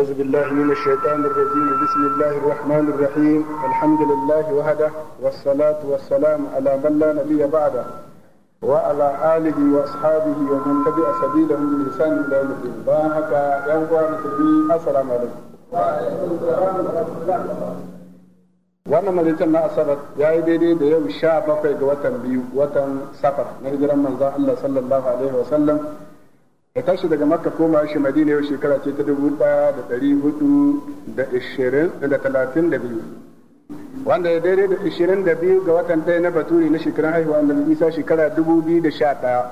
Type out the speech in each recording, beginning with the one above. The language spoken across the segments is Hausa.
أعوذ بالله من الشيطان الرجيم بسم الله الرحمن الرحيم الحمد لله وحده والصلاة والسلام على من لا نبي بعده وعلى آله وأصحابه ومن تبع سبيلهم بإحسان إلى يوم الدين بارك يا مسلمين السلام عليكم wannan malitan na asabar ya yi daidai da yau sha bakwai ga watan biyu watan safar na hijiran manzon Allah sallallahu alaihi wa sallam da tashi daga makka koma shi madina yau shekara ce ta dubu ɗaya da dari hudu da ishirin da talatin da biyu wanda ya daidai da ishirin da biyu ga watan ɗaya na baturi na shekarun haihuwa annabi isa shekara dubu biyu da sha ɗaya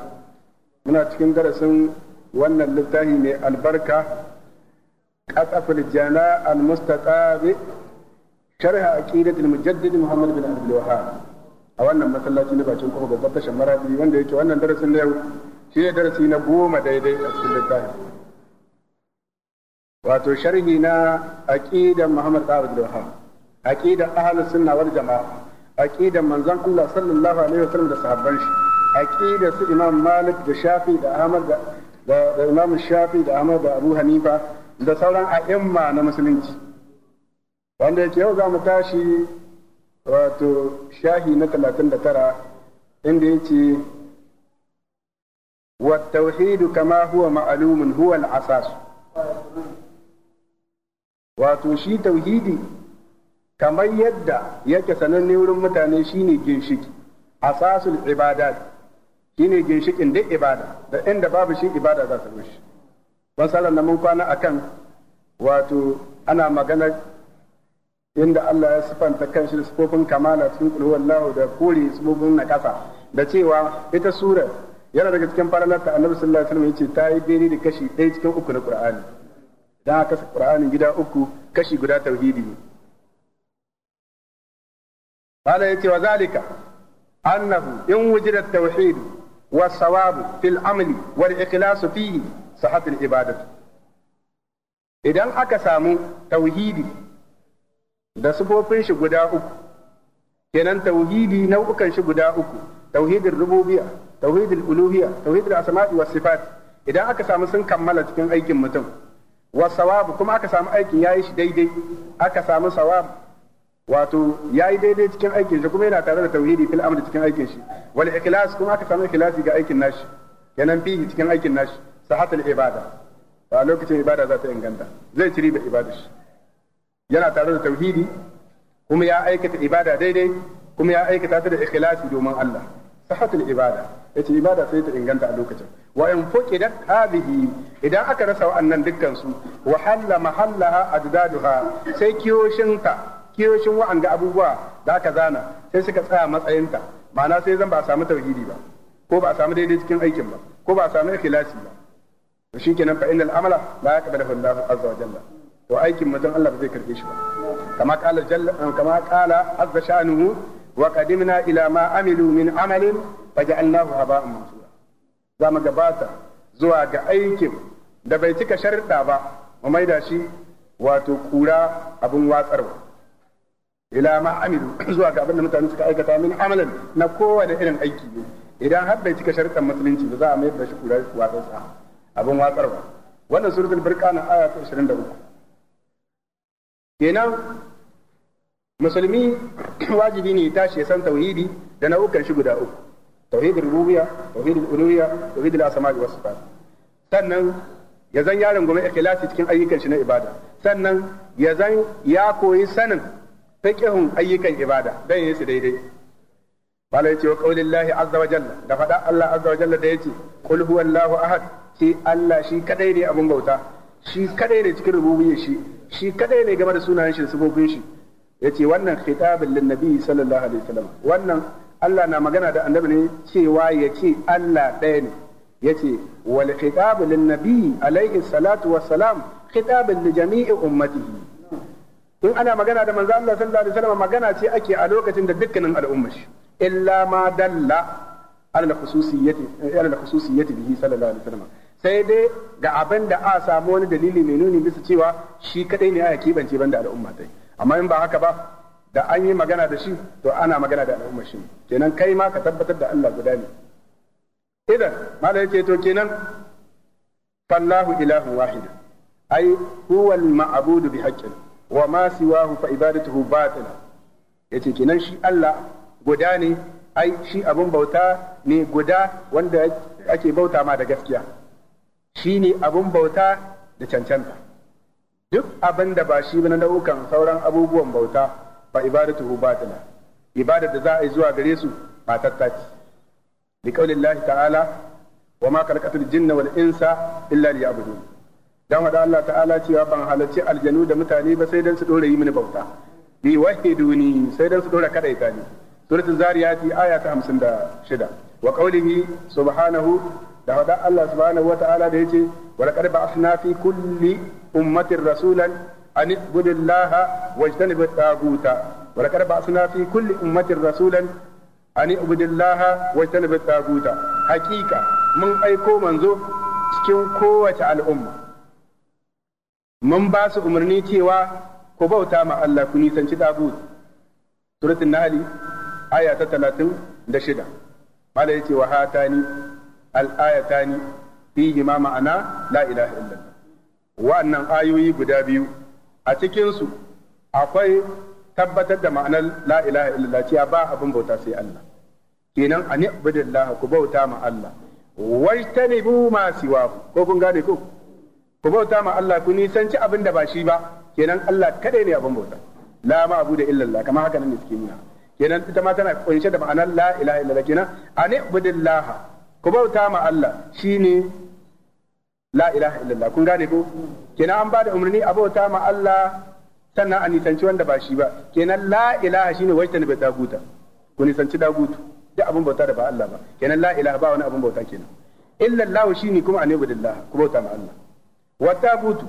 muna cikin darasin wannan littafi mai albarka ƙasafil jana al-mustaqabi sharha aqidat al-mujaddid muhammad bin abdul a wannan masallaci na bakin kuma babbar tashar marabi wanda yake wannan darasin na yau shi ne darasi na goma daidai a cikin littafin wato sharhi na aƙidan Muhammad Sa'ad bin Wahab aqidan ahlus sunna wal jama'a aƙidan Manzan kula sallallahu alaihi wasallam da sahabban shi aƙidan su Imam Malik da Shafi da Ahmad da da Imam Shafi da Ahmad da Abu Hanifa da sauran a'imma na musulunci wanda yake yau za mu tashi wato shahi na 39 inda yake والتوحيد كما هو معلوم هو الأساس wato shi tauhidi kamar yadda yake sananne wurin mutane shine ginshiki asasul ibadat shine ginshikin duk ibada da inda babu shi ibada za su rushe wasalan na mun kwana akan wato ana magana inda Allah ya sifanta kanshi da sifofin kamala cikin kulhuwallahu da kore sifofin nakasa. da cewa ita surar yana daga cikin faralarta annabi sallallahu alaihi wasallam yace ta yi daidai da kashi ɗaya cikin uku na qur'ani da aka sa qur'ani gida uku kashi guda tauhidi ne wa in يتي وذلك أنه إن وجد التوحيد والصواب في العمل والإخلاص فيه صحة ibadatu. idan aka samu tauhidi da sufofin shi guda uku kenan tauhidi nau'ukan shi guda uku tauhidin rububiyya al uluhiyya tauhidul asma'i was sifat idan aka samu sun kammala cikin aikin mutum wa sawabu kuma aka samu aikin yayi shi daidai aka samu sawab wato yayi daidai cikin aikin shi kuma yana tare da tauhidi fil amri cikin aikin shi wal ikhlas kuma aka samu ikhlasi ga aikin nashi kenan fihi cikin aikin nashi sahatul ibada a lokacin ibada za ta inganta zai ci riba ibada shi yana tare da tauhidi kuma ya aikata ibada daidai kuma ya aikata ta da ikhlasi domin Allah sahatul ibada yace ibada sai ta inganta a lokacin wa in fuqidat hadhihi idan aka rasa wannan dukkan su wa halla mahallaha addaduha sai kiyoshinta kiyoshin wa'anga abubuwa da aka zana sai suka tsaya matsayinta ma'ana sai zan ba a samu tauhidi ba ko ba a samu daidai cikin aikin ba ko ba a samu ikhlasi ba to shikenan fa innal amala la yaqbalu Allahu azza wa jalla to aikin mutum Allah ba zai karbe shi ba kama qala jalla kama qala azza sha'nuhu wa qadimna ila ma amilu min amalin faja'alnahu haba'an mansura za mu gabata zuwa ga aikin da bai cika sharuɗa ba mu maida shi wato kura abin watsarwa ila ma amilu zuwa ga abin da mutane suka aikata min amalan na kowane irin aiki ne idan har bai cika sharuɗan musulunci ba za a mayar da shi kura watsarsa abin watsarwa wannan suratul burqana aya ta 23 kenan musulmi wajibi ne tashi ya san tauhidi da nau'ukan shi guda uku tauhidul rububiyya tauhidul uluhiyya tauhidul asma'i was sifat sannan ya zan yaron gome ikhlasi cikin ayyukan shi na ibada sannan ya zan ya koyi sanin fiqhun ayyukan ibada dan yayi su daidai bala yace wa qaulillahi azza jalla da fada Allah azza jalla da yace qul huwallahu ahad shi Allah shi kadai ne abun bauta shi kadai ne cikin rububiyyar shi shi kadai ne game da sunayen shi da sifofin shi wannan sallallahu alaihi Allah na magana da annabi ne cewa ya ce Allah ɗaya ne ya ce wal khitabu lin nabi alaihi salatu wassalam khitabun li jami'i ummatihi in ana magana da manzo Allah sallallahu alaihi wasallam magana ce ake a lokacin da dukkanin al'ummar shi illa ma dalla ala khususiyyati ala khususiyyati bihi sallallahu alaihi wasallam sai dai ga abin da a samu wani dalili mai nuni bisa cewa shi kadai ne aka kibance banda al'umma dai amma in ba haka ba da an yi magana da shi to ana magana da al'ummar shi kenan kai ma ka tabbatar da Allah guda ne idan malai yake to kenan fallahu ilahun wahid ai huwa al-ma'budu bi haqqin wa ma siwahu fa ibadatuhu batila yace kenan shi Allah guda ne ai shi abun bauta ne guda wanda ake bauta ma da gaskiya shi ne abun bauta da cancanta duk abinda da ba shi ba na nau'ukan sauran abubuwan bauta fa ibadatuhu batila ibadar da za a yi zuwa gare su ba tattaci li ta'ala wa ma jinna wal insa illa liya'budun dan wada Allah ta'ala cewa ban halarci aljanu da mutane ba sai dan su dore yi mini bauta bi wahiduni sai dan su dora kada ita ne suratul zariyati aya ta 56 wa qaulihi subhanahu da wada Allah subhanahu wa ta'ala da yace wa laqad ba'athna fi kulli ummatin rasulan أن اعبدوا الله واجتنبوا الطاغوت ولقد بعثنا في كل أمة رسولا أن اعبدوا الله واجتنبوا الطاغوت حقيقة من أيكو منزو cikin kowace al'umma mun basu umarni cewa ko bauta ma Allah ku nisanci tagut suratul nahl aya ta 36 mala yace wa hatani al ayatani fihi ma ma'ana la ilaha illallah ayoyi guda biyu a cikinsu akwai tabbatar da ma'anar la ilaha illallah cewa ba abin bauta sai Allah kenan a ni'budillaha ku bauta ma Allah Wai wajtanibu ma siwahu ko kun gane ko ku bauta ma Allah ku nisanci abin da ba shi ba kenan Allah kadai ne abin bauta la ma'budu illallah kamar haka nan ne suke nuna kenan ita ma tana kunshe da ma'anar la ilaha illallah kenan a ni'budillaha ku bauta ma Allah shine la ilaha illallah kun gane ko kenan an ba da umarni abota ma Allah sannan a nisanci wanda ba shi ba kenan la ilaha shine wajtani bai daguta ku nisanci dagutu Da abun bauta da ba Allah ba kenan la ilaha ba wani abun bauta kenan illa Allah shine kuma anibudillah ku bauta ma Allah wa tagutu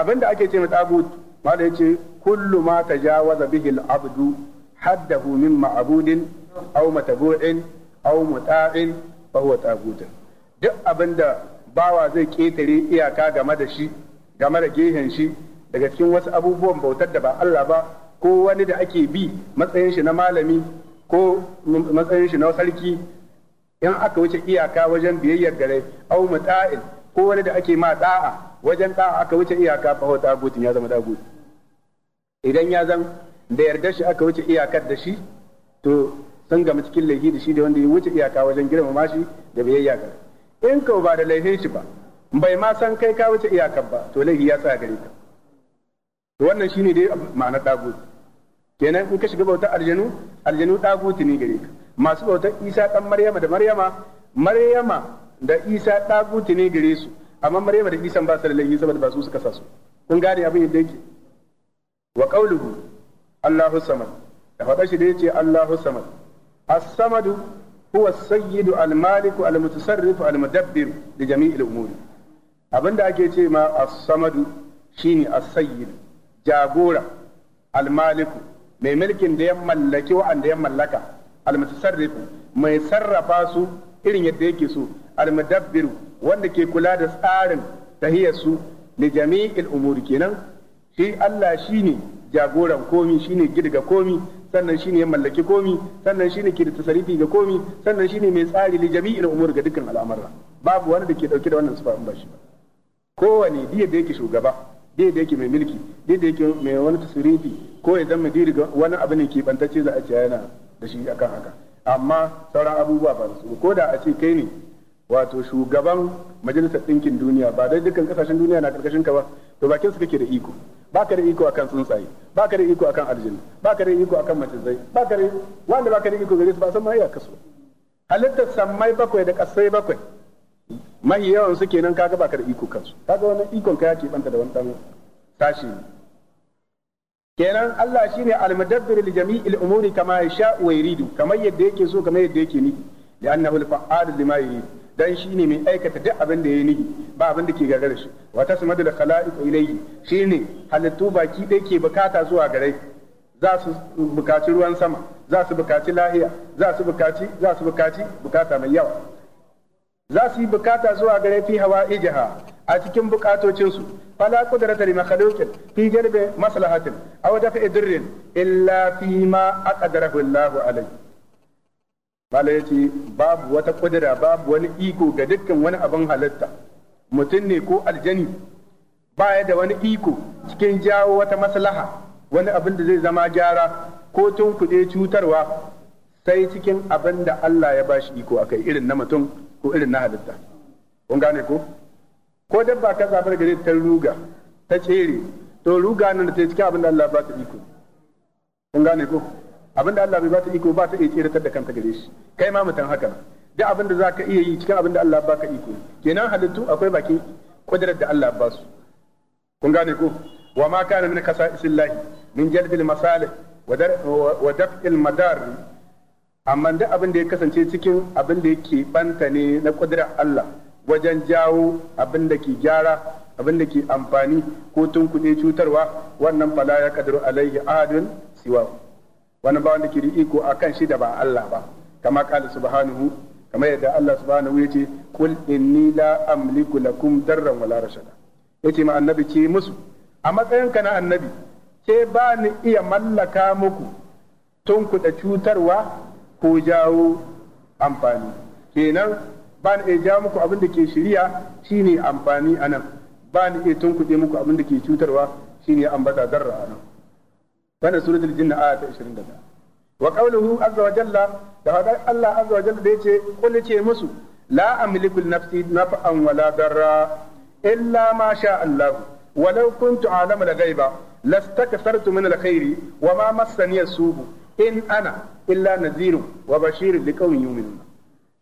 abinda ake ce ma tagutu mala yace kullu ma tajawaza bihi al-abdu haddahu min ma'budin aw matabu'in aw muta'in fa huwa tagutun duk abinda bawa zai ƙetare iyaka game da shi game da gehen shi daga cikin wasu abubuwan bautar da ba Allah ba ko wani da ake bi matsayin shi na malami ko matsayin shi na sarki in aka wuce iyaka wajen biyayyar gare au muta'il ko wani da ake ma da'a wajen da'a aka wuce iyaka fa wata gutun ya zama daguti idan ya zan da yardar shi aka wuce iyakar da shi to sun gama cikin laifi da shi da wanda ya wuce iyaka wajen girmama shi da biyayya gare in ka ba da laifin shi ba bai ma san kai ka wuce iyakar ba to laifi ya tsaya gare ka to wannan shine dai ma'anar daguti kenan in ka shiga bautar aljanu aljanu daguti ne gare ka masu bautar Isa dan Maryama da Maryama Maryama da Isa daguti ne gare su amma Maryama da Isa ba su da laifi saboda ba su suka sa su kun gane abin yadda yake wa qawluhu Allahu samad da faɗa shi da yace Allahu samad as-samadu هو sayyidu المالك المتصرف المدبر لجميع al-mudabbir abinda ake ce ma as-samadu shine as-sayyid jagora al mai mulkin da ya mallaki wa'anda ya mallaka al mai sarrafa su irin yadda yake so al-mudabbir wanda ke kula da tsarin tahiyar su li jami'il umuri kenan shi Allah shine jagoran komi shine girga komi sannan shine ya mallaki komi sannan shine ke da tasarifi ga komi sannan shine mai tsari li jami'il umur ga dukkan al'amarra babu wani da ke dauke da wannan sifa in ba shi ba kowane diya da yake shugaba diya da yake mai mulki diya da yake mai wani tasarifi ko ya zama diri ga wani abu ne ke bantacce za a ce yana da shi akan haka amma sauran abubuwa ba su ko da a ce kai ne wato shugaban majalisar ɗinkin duniya ba dai dukkan kasashen duniya na karkashin ka ba to bakin su kake da iko ba ka da iko akan tsuntsaye ba ka da iko akan aljini ba ka da iko akan macizai ba ka da wanda ba ka da iko gare su ba san ma iya kaso halittar sammai bakwai da kasai bakwai mahi yawan su kenan kaga ba ka da iko kansu kaga wannan ikon ka yake banta da wani dan tashi kenan Allah shine al-mudabbir li jami'il umuri kama yasha wa yuridu kamar yadda yake so kamar yadda yake ni annahu al-fa'al lima yuridu dan ne mai aikata duk abin da yi nihi ba abin da ke gagara shi wa sama da khalaiqu ilayhi shine halittu baki dai ke bukata zuwa gare za su bukaci ruwan sama za su bukaci lahiya za su bukaci za su bukaci bukata mai yawa za su yi bukata zuwa gare fi hawa ijaha a cikin su fala qudrata li makhluqin fi jalbi maslahatin aw dafa idrin illa fi ma aqdarahu Allahu alayhi bala ya ce babu wata kudura babu wani iko ga dukkan wani abin halitta mutum ne ko aljani baya da wani iko cikin jawo wata maslaha wani abin da zai zama gyara ko tun kuɗe cutarwa sai cikin abin da Allah ya bashi iko a kai irin na mutum ko irin na halitta. Kun gane ko? Ko dabba ka zaɓar gare ta ruga ta tsere to ruga nan ta cikin abin da Allah ba ta iko. Kun gane ko? abinda Allah bai ba ta iko ba ta iya tsiratar da kanta gare shi kai ma mutan haka nan duk abinda za ka iya yi cikin abinda Allah ba ka iko kenan halittu akwai baki kudirar da Allah ba su kun gane ko wa ma kana min kasa'isillahi min jalbil masalih wa daf'il madar amma duk abin da ya kasance cikin abin da yake banta ne na kudirar Allah wajen jawo abin da ke gyara abin da ke amfani ko tunkuɗe cutarwa wannan fala ya kadaru alaihi adun siwa. wani ba wanda ke da iko akan shi da ba Allah ba kama kala subhanahu kama yadda Allah subhanahu yace kul inni la amliku lakum darran wala rashada yace ma annabi ce musu a ka na annabi ke ba ni iya mallaka muku tun tunkuɗa cutarwa ko jawo amfani kenan ba ni iya jawo muku abin da ke shirya shine amfani anan ba ni iya tun kuɗe muku abin da ke cutarwa shine ambata darra anan wannan suratul jinni aya ta ishirin 21 wa qawluhu azza wa jalla da hada Allah azza wa jalla da ce, kul ce musu la amliku nafsi naf'an wala darra illa ma sha Allah walau kuntu a'lamu al-ghaiba lastakthartu min al wa ma massani as in ana illa nadhirun wa bashirun liqaumin yu'minun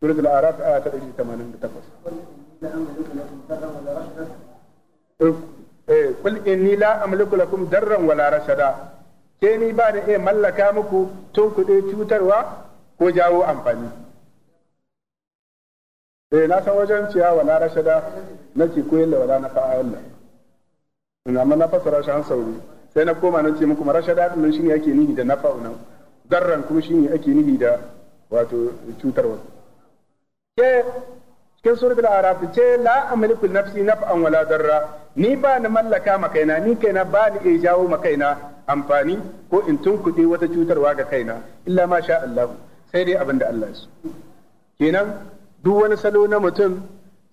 suratul a'raf aya ta 188 قل إني لا أملك لكم درا ولا رشدا ke ni ba da iya mallaka muku tun kuɗe cutarwa ko jawo amfani eh na san wajen ciyawa na rashada nake koyin da wala na fa'ala ina ma na fasara shi an sauri sai na koma na ce muku ma rashada din nan shine ake nihi da nafa'u nan darran kuma shine ake nihi da wato cutarwa ke cikin surat al-araf ce la amliku nafsi naf'an wala darra ni ba ni mallaka makaina ni kaina ba ni iya jawo makaina amfani ko in tunkuɗe wata cutarwa ga kaina illa ma sha Allah sai dai abin da Allah su kenan duk wani salo na mutum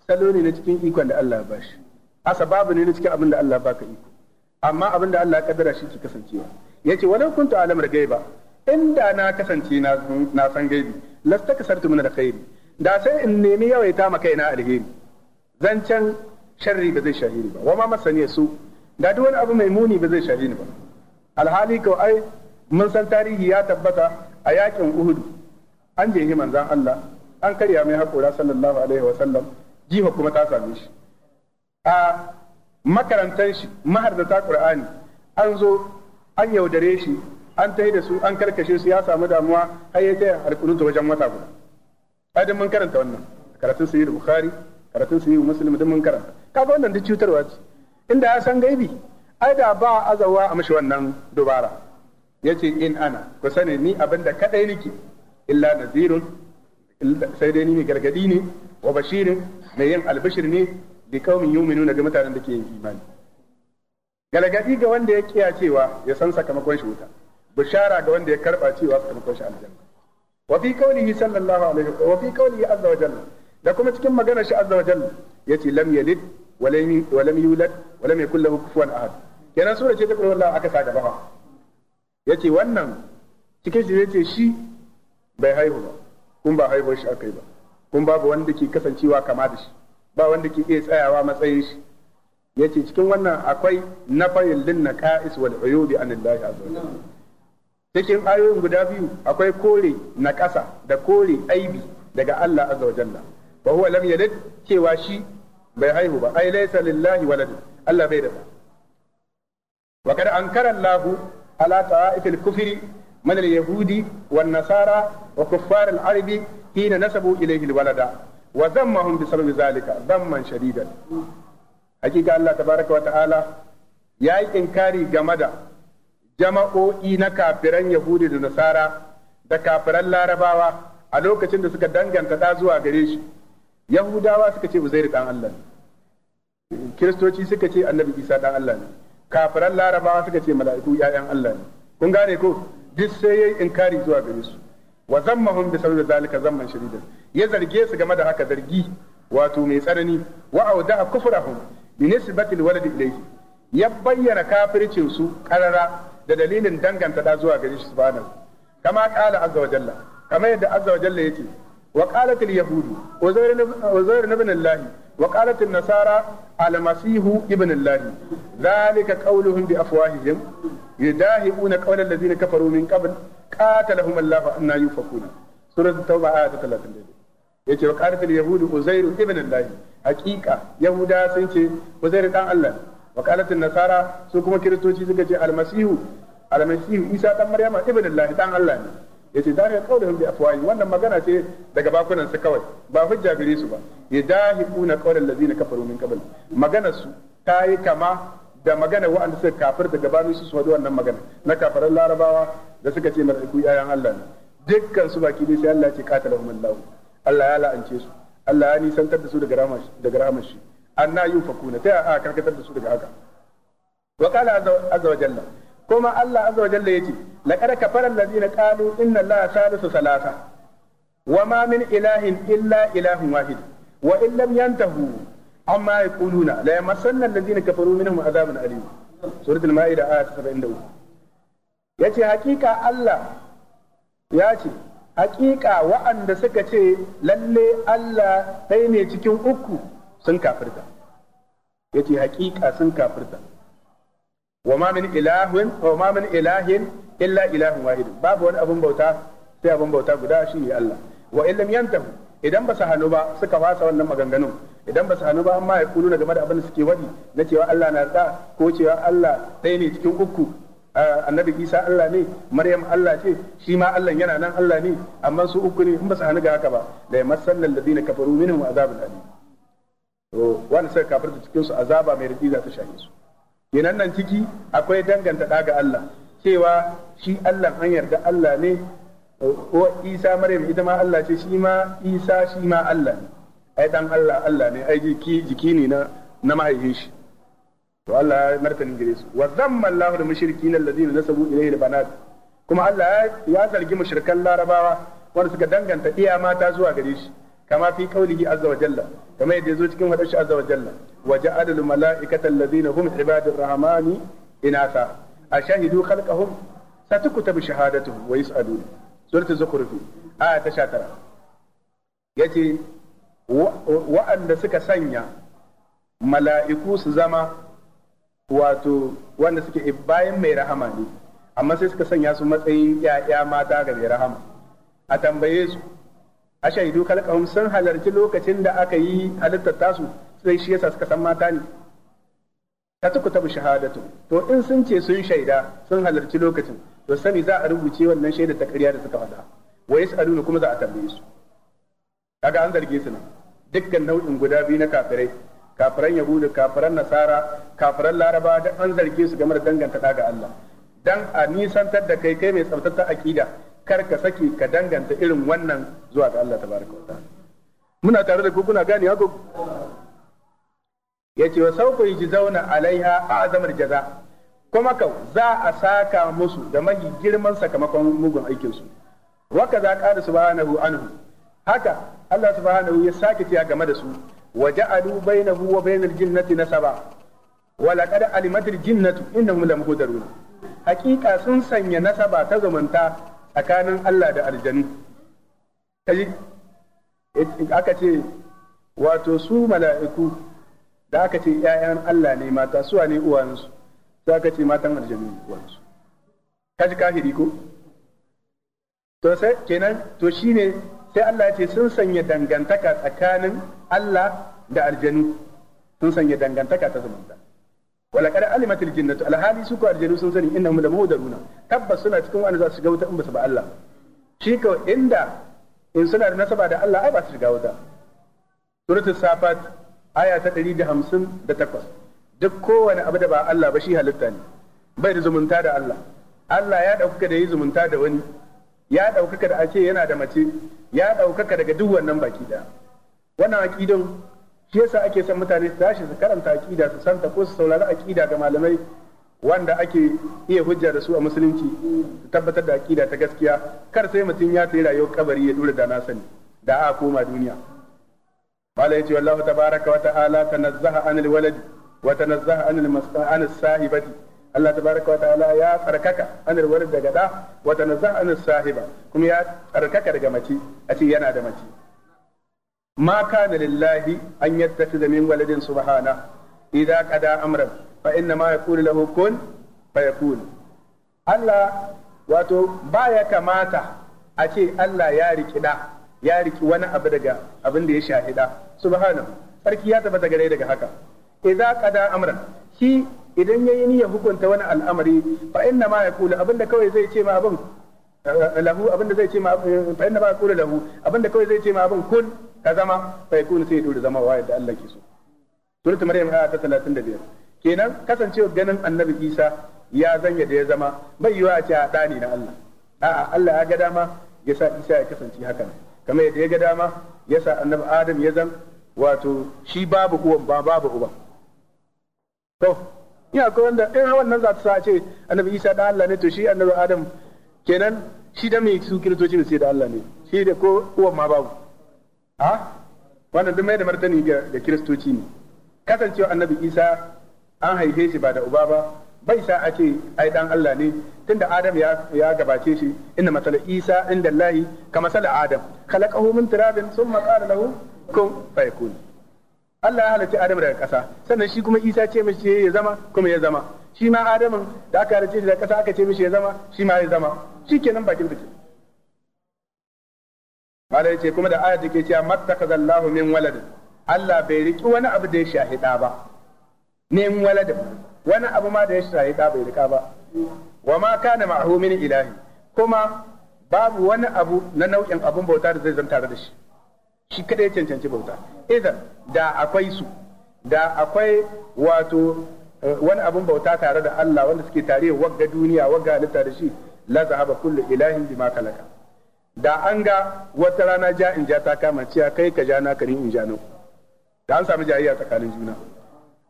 salo ne na cikin ikon da Allah ba shi asa babu ne na cikin abin da Allah baka iko amma abin da Allah ya kaddara shi ke kasancewa yace walau kuntu alamar gaiba inda na kasance na san gaibi lasta kasartu min alkhairi da sai in nemi yawaita ma kaina alheri zancen sharri ba zai shahiri ba wa ma masaniya su da duk wani abu mai muni ba zai shahiri ba alhali ko ai mun san tarihi ya tabbata a yakin Uhud an je himan manzan Allah an karya mai hakura sallallahu alaihi wa sallam jiha kuma ta same shi a makarantar shi maharzata Qur'ani an zo an yaudare shi an tai da su an karkashe su ya samu damuwa har yake taya harkunuta wajen wata guda ai mun karanta wannan karatun sahih bukhari karatun sahih muslim dan mun karanta kaga wannan duk cutarwa ce inda ya san gaibi ai da ba azawa a mashi wannan dubara yace in ana ku sani ni abinda kadai nake illa nazirun sai dai ni mai gargadi ne wa bashirin mai yin albashir ne da kaumin yuminu ga mutanen da ke yin imani galgadi ga wanda ya kiya cewa ya san sakamakon shi wuta bishara ga wanda ya karba cewa sakamakon shi aljanna wa fi qawlihi sallallahu alaihi wa fi qawlihi azza wa jalla da kuma cikin maganar shi azza wa jalla yace lam yalid wa lam yulad wa lam yakul lahu kufuwan ahad kenan sura ce ta kullu Allah aka sa gaba yace wannan cikin shi yace shi bai haihu ba kun ba haihuwar shi akai ba kun babu wanda ke kasancewa kama da shi ba wanda ke iya tsayawa matsayin shi yace cikin wannan akwai nafayil lin naqais wal uyubi anillahi azza wa cikin ayoyin guda biyu akwai kore na ƙasa da kore aibi daga Allah azza wa jalla Ba huwa lam yalid cewa shi bai haihu ba ai laysa lillahi walad Allah bai da وقد أنكر الله على طائف الكفر من اليهود والنصارى وكفار العرب حين نسبوا إليه الولد وذمهم بسبب ذلك ذما شديدا حقيقة الله تبارك وتعالى يا إنكاري جمدا jama'o'i na kafiran Yahudi da Nasara da kafiran Larabawa a lokacin da suka danganta da zuwa gare shi Yahudawa suka ce Uzairu dan Allah ne Kiristoci suka ce Annabi Isa dan Allah ne kafiran larabawa suka ce mala'iku ƴaƴan Allah ne kun gane ko duk sai yayi inkari zuwa gare su wa zammahum bi sabab zalika zamman shadidan ya zarge su game da haka zargi wato mai tsanani wa a kufrahum bi nisbati alwalad ilayhi ya bayyana kafircin su karara da dalilin danganta da zuwa gare shi subhanahu kama qala azza wa jalla kama yadda azza wa jalla yake wa qalat al yahud uzair ibn allah وقالت النصارى المسيح ابن الله ذلك قولهم بأفواههم يداهئون قول الذين كفروا من قبل قاتلهم الله أن يفكون سورة التوبة آية 30 yace wa qalatil yahudu uzairu ibn allah haqiqa yahuda sun ce uzairu dan allah wa qalatil nasara su kuma kiristoci suka ce almasihu almasihu isa dan maryama ibn dan allah ne yace dalil qawluhum bi afwahi wannan magana ce daga bakunan su kawai ba hujja gare su ba yadahiquna qawlal ladzina kafaru min qabl magana su ta yi kama da magana wa'anda suka kafir da gabanin su su wannan magana na kafaran larabawa da suka ce mala'iku yayan Allah ne dukkan su baki dai sai Allah ya ce qatalahum Allah Allah ya la'ance su Allah ya nisantar da su daga rahmar daga rahmar shi anna yufakuna ta a karkatar da su daga haka wa qala azza wa jalla kuma Allah azza wa jalla yace laqad kafara allazina qalu inna allaha salisu salasa wa ma min ilahin illa ilahun wahid wa in lam yantahu amma yaquluna la yamassanna allazina kafaru minhum azabun alim suratul maida aya 73 yace hakika Allah ya ce hakika wa'anda suka ce lalle Allah ɗaya ne cikin uku sun kafirta yace hakika sun kafirta wa ma min ilahin wa ma min ilahin babu wani abun bauta sai abun bauta guda shi ne Allah wa illam yantahu idan ba su hannu ba suka fasa wannan maganganun idan ba su hannu ba amma ya kulu na game da abin suke wadi na cewa Allah na da ko cewa Allah ɗaya ne cikin uku annabi Isa Allah ne Maryam Allah ce shi ma Allah yana nan Allah ne amma su uku ne in ba su hannu ga haka ba da ya masallal ladina kafaru minhum azabun a to wanda suka kafirta cikin su azaba mai ridi za ta shafe su kenan nan ciki akwai danganta ɗa ga Allah cewa shi Allah an yarda Allah ne ko Isa Maryam ita ma Allah ce shi ma Isa shi ma Allah ne ai dan Allah Allah ne ai jiki jiki ne na na mahaifin shi to Allah ya martani gare su wa zamma Allahu da mushrikin alladhina nasabu ilayhi banat kuma Allah ya zargi mushrikan larabawa wanda suka danganta iya mata zuwa gare shi kama fi qawlihi azza jalla kama yadda yazo cikin wadar shi azza wa jalla wa ja'alul malaikata alladhina hum ibadur rahmani inasa ashahidu khalqahum satukutabu shahadatuhum wa yus'alun suratul zukhruf aya ta 19 yace wa'anda suka sanya mala'iku su zama wato wanda suke bayan mai rahama ne amma sai suka sanya su matsayin 'ya'ya mata ga mai rahama a tambaye su ashaidu khalqahum sun halarci lokacin da aka yi halittar tasu sai shi yasa suka san mata ne ta tuku tabu shahadatu to in sun ce sun shaida sun halarci lokacin to sani za a rubuce wannan shaida ta ƙarya da suka faɗa wa yas'aluna kuma za a tambaye su kaga an zarge su nan dukkan nau'in guda biyu na kafirai kafiran yahudu kafiran nasara kafiran laraba da an zarge su game da danganta ga Allah dan a nisantar da kai kai mai tsaftatar akida kar ka saki ka danganta irin wannan zuwa ga Allah tabaraka wa ta'ala muna tare da ku kuna gane haka ce wa yi zauna alaiha azamar jaza kuma ka za a saka musu da mahi girman sakamakon mugun aikinsu su wa kaza qala subhanahu anhu haka Allah subhanahu ya sake ciya game da su wa ja'alu bainahu wa bainal jinnati nasaba wa laqad alimatil jinnatu innahum lamuhdarun hakika sun sanya nasaba ta zumunta tsakanin Allah da aljanu kai aka ce wato su mala'iku da aka ce ‘ya'yan Allah ne mata suwa ne uwansu Su aka ce matan aljanu ne uwansu kaji kafiri ko to sai kenan to shine sai Allah ce sun sanya dangantaka tsakanin Allah da aljanu sun sanya dangantaka ta zumunta wala kada alimatul jinnatu alhali su ko aljanu sun sani innahum la mudaruna tabbas suna cikin wani za su shiga wuta in ba su ba Allah shi ko inda in suna da nasaba da Allah ai ba su shiga wuta suratul safat aya ta 158 duk kowane abu da ba Allah ba shi halitta ne bai da zumunta da Allah Allah ya ɗaukaka da yi zumunta da wani ya ɗaukaka da ake yana da mace ya ɗaukaka daga duk wannan baki ɗaya wannan aƙidun shi yasa ake son mutane su tashi su karanta aqida su santa ko su saurari aqida ga malamai wanda ake iya hujja da su a musulunci su tabbatar da aqida ta gaskiya kar sai mutum ya tayi rayuwar kabari ya dura da na sani da a koma duniya mala yace wallahu tabaaraka wa ta'ala tanazzaha anil waladi wa tanazzaha anil mas'an sahibati Allah tabaraka wa ta'ala ya tsarkaka anil walad daga da wa tanazzaha anis sahiba kuma ya tsarkaka daga mace a ce yana da mace ما كان لله أن يتخذ من ولد سبحانه إذا قضى أمرا فإنما يقول له كن فيكون الله wato ba kamata a ce Allah ya riki da ya riki wani abu daga abin da ya shafi da subhanahu sarki ya tabbata daga haka shi idan niyyar hukunta wani al'amari fa inna ma yaqulu abin da kawai zai ce ma abin lahu abin da zai ce ma fa inna ma yaqulu lahu abin da kawai zai ce ma abin kun ta zama sai Kuni sai da zama wa yadda Allah ke so suratul maryam aya ta 35 kenan kasancewa ganin annabi Isa ya zanya da ya zama bai yiwa a ce a dani na Allah a'a Allah ya ga dama ya sa Isa ya kasance hakan kamar yadda ya ga dama ya sa annabi Adam ya zan wato shi babu uwan ba babu uba to ina akwai wanda in wannan za ta sa ce annabi Isa da Allah ne to shi annabi Adam kenan shi da mai su kiristoci sai da Allah ne shi da ko uwan ma babu a wanda duk mai da martani ga kiristoci ne kasancewa annabi isa an haife shi ba da uba ba bai sa a ce ai dan Allah ne tunda Adam ya ya gabace shi inda masala Isa inda lahi ka masala Adam khalaqahu min turabin thumma qala lahu kun fayakun Allah ya halarci Adam daga ƙasa sannan shi kuma Isa ce mishi ya zama kuma ya zama shi ma Adamin da aka halarce shi daga ƙasa aka ce mishi ya zama shi ma ya zama shikenan bakin bikin mala ce kuma da ayat ke cewa mattakhazallahu min walad Allah bai riki wani abu da ya shahida ba min walad wani abu ma da ya shahida bai rika ba wa ma kana ma'ahu min ilahi kuma babu wani abu na nau'in abun bauta da zai zanta da shi shi kadai cancanci bauta idan da akwai su da akwai wato eh, wani abun bauta tare da Allah wanda suke tare wagga duniya wagga halitta da shi la zahaba kullu ilahin bima kalaka da an ga wata rana ja in ja ta kama cewa kai ka ja na ni in ja nan da an samu jayayya tsakanin juna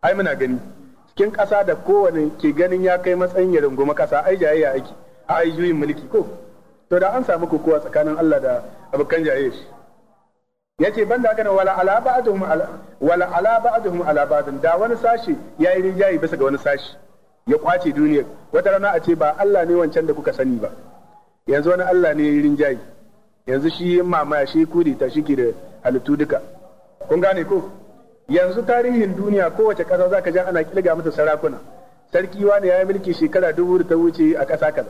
ai muna gani cikin ƙasa da kowane ke ganin ya kai matsayin ya runguma ƙasa ai jayayya ake a ai juyin mulki ko to da an samu kokowa tsakanin Allah da abokan jayayya shi yace banda ga wala ala ba'dhum wala ala ba'dhum ala ba'dhum da wani sashi yayi rijayi bisa ga wani sashi ya kwace duniyar wata rana a ce ba Allah ne wancan da kuka sani ba yanzu wani Allah ne ya yi rinjayi yanzu shi yin mamaya shi kudi ta shiki da halittu duka kun gane ko yanzu tarihin duniya kowace ƙasa ka ji ana kilga mata sarakuna sarki wani ya yi mulki shekara dubu da ta wuce a ƙasa kaza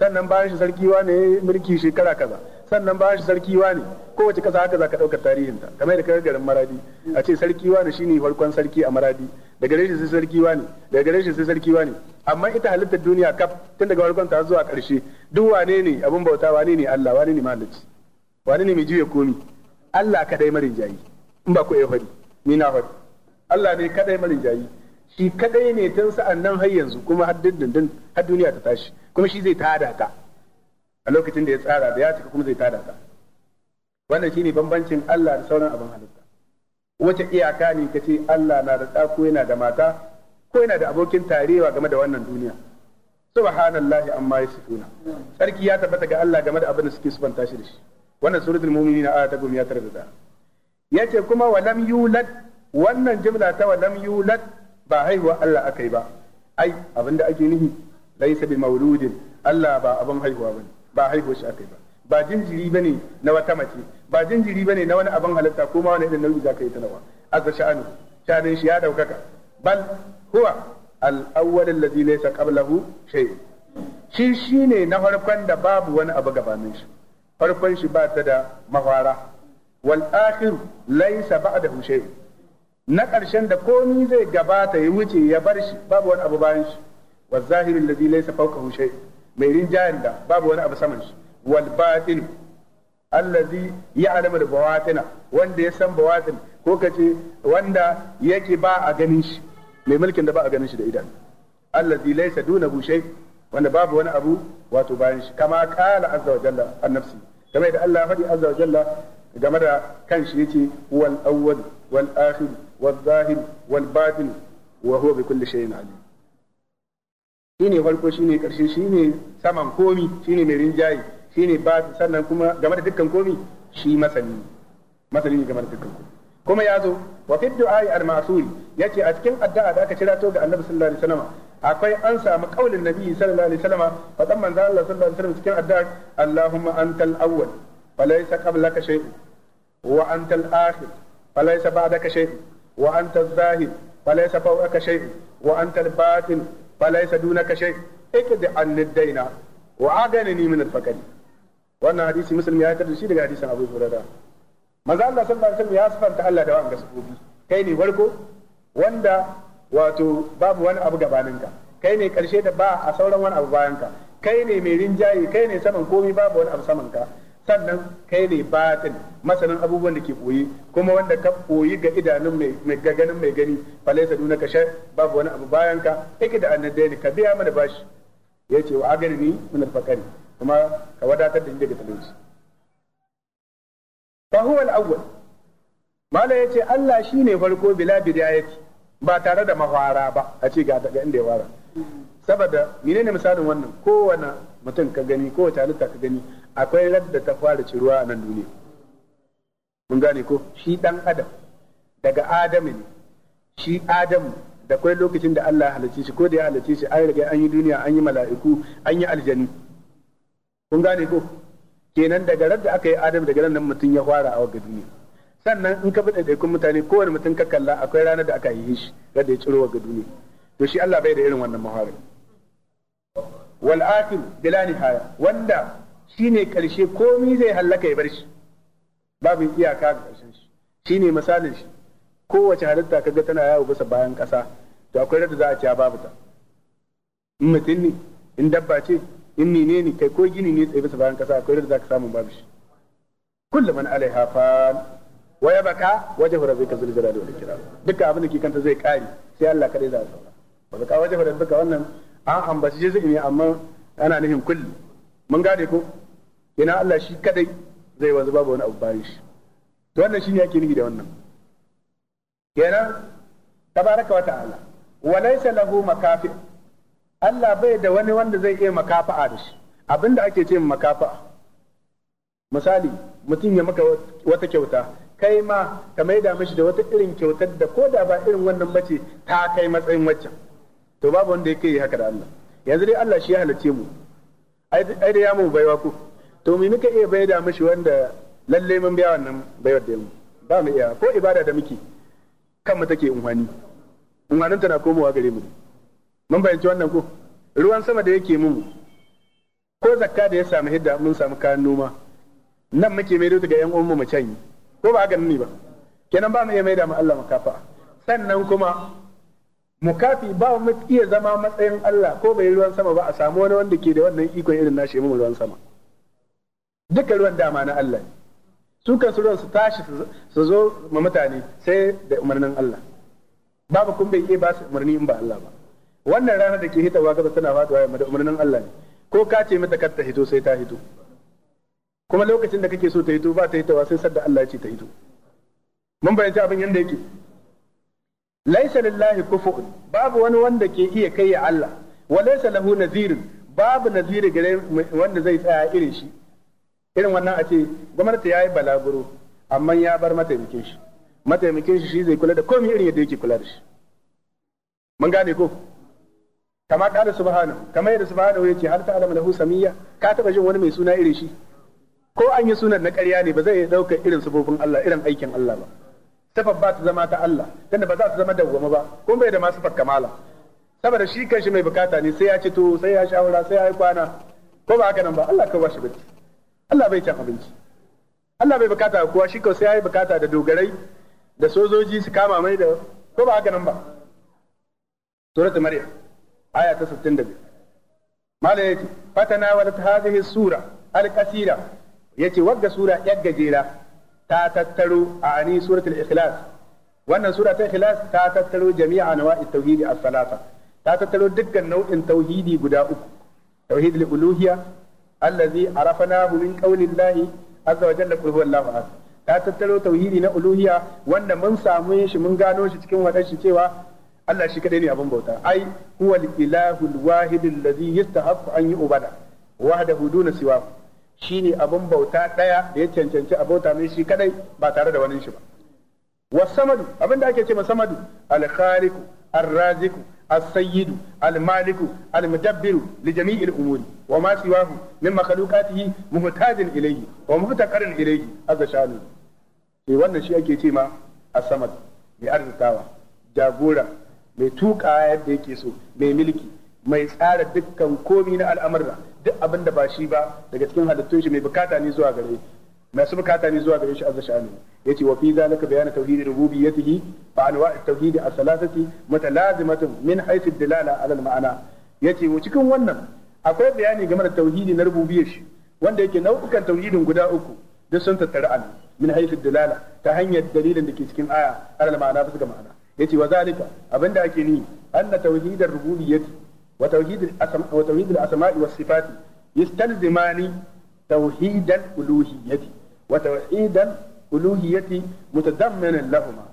sannan bayan shi sarki wani ya yi mulki shekara kaza sannan bayan shi sarki wani kowace ƙasa haka za ka ɗaukar tarihin ta kamar da kakar garin maradi a ce sarki wani shine farkon sarki a maradi daga gare shi sai sarki wani daga gare shi sai sarki wani amma ita halittar duniya kaf tun daga farkon ta zuwa ƙarshe duk wane ne abin bauta wane ne Allah wane ne mahalicci wane ne mai juya komi Allah kadai marin jayi in ba ku ya ni na hori Allah ne kadai marin jayi shi kadai ne tun sa'an nan har yanzu kuma har dindindin har duniya ta tashi kuma shi zai tada ka a lokacin da ya tsara da ya cika kuma zai tada ka wannan shine bambancin Allah da sauran abin halitta wace iyaka ne kace Allah na da tsako yana da mata ko yana da abokin tarewa game da wannan duniya subhanallahi amma ya sifuna. sarki ya tabbata ga Allah game da abin da suke subanta shi da shi wannan suratul mu'minin aya ta 19 yace kuma walam yulad wannan jimla ta walam yulad ba haihuwa Allah akai ba ai abinda ake nufi laysa bi mauludin Allah ba abin haihuwa bane ba haihuwa shi akai ba ba jinjiri bane na wata mace ba jinjiri bane na wani abin halitta ko ma wani irin nau'i zaka yi talawa azza sha'anu sha'anin shi ya daukaka bal huwa al-awwal alladhi sa qablahu shai shi shi ne na farkon da babu wani abu gabanin shi farkon shi ba ta da mafara wal laisa ba da hushe na ƙarshen da komi zai gabata ya wuce ya bar shi babu wani abu bayan shi zahirin da alladhi laysa fawqahu hushe mai rinjayen da babu wani abu saman shi wal batin allazi ya'lamu da bawatina wanda ya san bawatin ko kace wanda yake ba a ganin shi mai mulkin da ba a ganin shi da idan Allah allazi laysa dunahu bushe wanda babu wani abu wato bayan shi kama kala azza wa jalla an nafsi kamar da Allah faɗi azza wa jalla game da kan kanshi yace wal awwal wal akhir wal zahir wal batin wa huwa bi kulli shay'in alim shine farko shine karshe shine saman komi shine mai rinjayi shine ba sannan kuma game da dukkan komi shi masani masani game da dukkan komi kuma ya zo wa fi du'ai al-ma'suri yace a cikin addu'a da aka cirato ga Annabi sallallahu alaihi wasallam akwai an samu kaulin Nabi sallallahu alaihi wasallam fadan manzo Allah sallallahu alaihi wasallam cikin addu'a Allahumma antal awwal falaysa qablaka shay'un wa antal akhir falaysa ba'daka shay'un wa antal zahir falaysa fawqaka shay'un wa antal batin falaysa dunaka shay'un ikdi an daina wa aganani min al-fakari wannan hadisi muslim ya tarda shi daga hadisin Abu Hurairah maza Allah sun alaihi ya sifanta Allah da wa'anga sifofi kai ne farko wanda wato babu wani abu gabaninka kai ne karshe da ba a sauran wani abu bayan ka kai ne mai rinjaye kai ne saman komi babu wani abu saman ka sannan kai ne batin masanin abubuwan da ke koyi kuma wanda ka koyi ga idanun mai gaganin mai gani falaisa duna ka shar babu wani abu bayan ka yake da annadai ne ka biya mana bashi ya ce wa agani ni min alfakari kuma ka wadatar da ni daga talauci فهو huwa al ya ce yace Allah shine farko bila bidayati ba tare da mahwara ba a ce ga inda ya wara saboda menene misalin wannan kowane mutum ka gani kowace halitta ka gani akwai radda ta fara ciruwa a nan duniya gane da kwai lokacin da Allah ya halicce shi ko da ya shi an riga an yi duniya an yi mala'iku an yi aljanu kun gane ko kenan daga ran aka yi adam daga nan mutum ya fara a waga duniya sannan in ka bude daikun mutane kowane mutum ka kalla akwai ranar da aka yi shi da ya ciro waga duniya to shi Allah bai da irin wannan mahawara wal akhir bila nihaya wanda shine karshe komai zai hallaka ya bar shi babu iyaka ga karshen shi shine misalin shi kowace halitta kaga tana yawo bisa bayan kasa to akwai rada za a ci babu ta mutum ne in dabba ce in ni ne ni kai ko gini ne tsaye bisa bayan kasa akwai da zaka samun babu shi alai man waya fan waje hura zai rabbika zul jalali da ikram dukkan abin da ke kanta zai kare sai Allah kadai za a saura wa waje hura duka wannan an ambaci zai ne amma ana nufin kulli mun gane ko ina Allah shi kadai zai wanzu babu wani abu bayan shi to wannan shine yake nufi da wannan kenan tabaraka wa ta'ala wa laysa lahu makafi' Allah bai da wani wanda zai iya makafa'a da shi abinda ake ce makafa'a misali mutum ya maka wata kyauta kai ma ka maida mishi da wata irin kyautar da ko da ba irin wannan bace ta kai matsayin waccan to babu wanda ya yi haka da Allah yanzu dai Allah shi ya halice mu ai da ya mu baiwa ku to me muka iya da mishi wanda lalle mun biya wannan baiwar da mu ba mu iya ko ibada da muke kan mu take unhani unhanin na komowa gare mu ne mun fahimci wannan ko ruwan sama da yake mun ko zakka da ya samu hidda mun samu kayan noma nan muke maido daga yan uwan mu can yi ko ba ga ni ba kenan ba mu iya maida mu Allah makafa sannan kuma mukafi ba mu iya zama matsayin Allah ko bai ruwan sama ba a samu wani wanda ke da wannan ikon irin nashi mu ruwan sama duka ruwan dama na Allah su kan ruwan su tashi su zo ma mutane sai da umarnin Allah babu kun bai iya ba su umarni in ba Allah ba wannan rana da ke hitawa kasa tana faduwa yamma da umarnin Allah ne ko ka ce mata kar ta hito sai ta hito kuma lokacin da kake so ta hito ba ta hitawa sai sadda Allah ya ce ta hito mun bayyana abin yanda yake laisa lillahi kufu'un babu wani wanda ke iya kai ya Allah wa laisa lahu nazirun babu naziri gare wanda zai tsaya irin shi irin wannan a ce gwamnati yayi balaguro amma ya bar mataimakin shi mataimakin shi shi zai kula da komai irin yadda yake kula da shi mun gane ko kama kala subhanahu kama yadda subhanahu yace har ta alama lahu samiyya ka taba jin wani mai suna irin shi ko an yi sunan na ƙarya ne ba zai iya irin sabobin Allah irin aikin Allah ba sifar ba ta zama ta Allah tunda ba za ta zama dawwama ba kuma bai da masu kamala saboda shi kanshi mai bukata ne sai ya ci to sai ya shawara sai ya yi kwana ko ba haka nan ba Allah ka bashi bacci Allah bai cin abinci Allah bai bukata kowa shi kawai sai ya yi bukata da dogarai da sojoji su kama mai da ko ba haka nan ba suratul maryam aya ta 62 malam yace fatana walat hadhihi sura al-qasira yace wagga sura yar gajera ta tattaro a ani suratul ikhlas wannan sura ta ikhlas ta tattaro jami'a nawa'i tauhidi as-salata ta tattaro dukkan nau'in tauhidi guda uku tauhidul uluhiyya allazi arafnahu min qaulillahi azza wa jalla qul huwallahu ahad ta tattaro tauhidi na Al-Uluhiya, wanda mun sami shi mun gano shi cikin waɗanshi cewa Allah shi kadai ne abin bauta ai huwal ilahul wahid alladhi yastahaqu an yu'bada wahdahu duna siwa shine abin bauta daya da ya cancanci a bauta mai shi kadai ba tare da wani shi ba wasamadu abin da ake ce ma samadu al-khaliqu ar-raziqu السيد المالك المدبر لجميع الأمور وما سواه من مخلوقاته محتاج إليه ومفتقر إليه هذا شأنه في wannan shi ake ce ma asamad mai arzikawa jagora mai tuƙa yadda yake so mai milki mai tsara dukkan komi na al'amurra duk abin da ba shi ba daga cikin halittun shi mai bukata ne zuwa gare masu bukata ne zuwa gare shi azza sha'ani yace wa fi zalika bayan tauhid rububiyyatihi fa anwa' at-tauhid as-salasati mutalazimatun min haythu ad-dilala 'ala al-ma'ana yace wa cikin wannan akwai bayani game da tauhidi na rububiyyar shi wanda yake nau'ukan tauhidin guda uku duk sun tattara an min haythu ad-dilala ta hanyar dalilin da ke cikin aya 'ala al-ma'ana bisa ga ma'ana yace wa zalika abinda ake ni anna tauhidar rububiyyati wa tauhidul asma wa tauhidul asma'i was sifati yastalzimani tauhidal uluhiyyati wa tauhidal uluhiyyati mutadamminan lahumma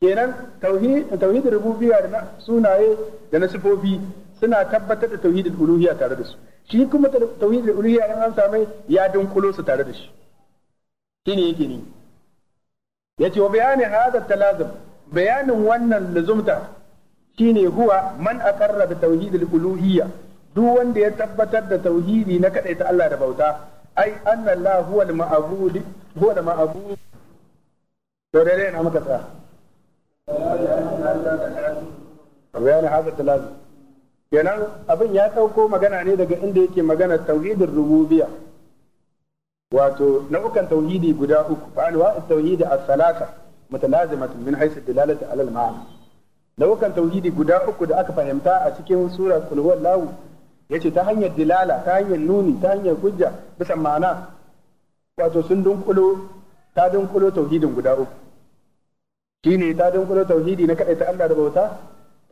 kenan tauhid tauhidul rububiyya da sunaye da na sifofi suna tabbatar da tauhidul uluhiyya tare da su shi kuma tauhidul uluhiyya in an same ya dunkulo su tare da shi shine yake ni yace wa bayani hadha talazum bayanin wannan luzumta shine huwa man aqarra bi tauhidil uluhiyya duk wanda ya tabbatar da tauhidi na kadai ta Allah da bauta ai anna Allah huwa al-ma'bud huwa al-ma'bud to dare na muka tsaya bayan hada talazu kenan abin ya dauko magana ne daga inda yake magana tauhidir rububiyya wato nau'ukan tauhidi guda uku fa alwa at-tauhid as-salata mutalazimatun min haythu dilalati ala al-ma'ana nau'ukan tauhidi guda uku da aka fahimta a cikin sura qul huwallahu yace ta hanyar dilala ta hanyar nuni ta hanyar hujja bisa ma'ana wato sun dunkulo ta dunkulo tauhidin guda uku shine ta dunkulo tauhidi na kadai ta Allah da bauta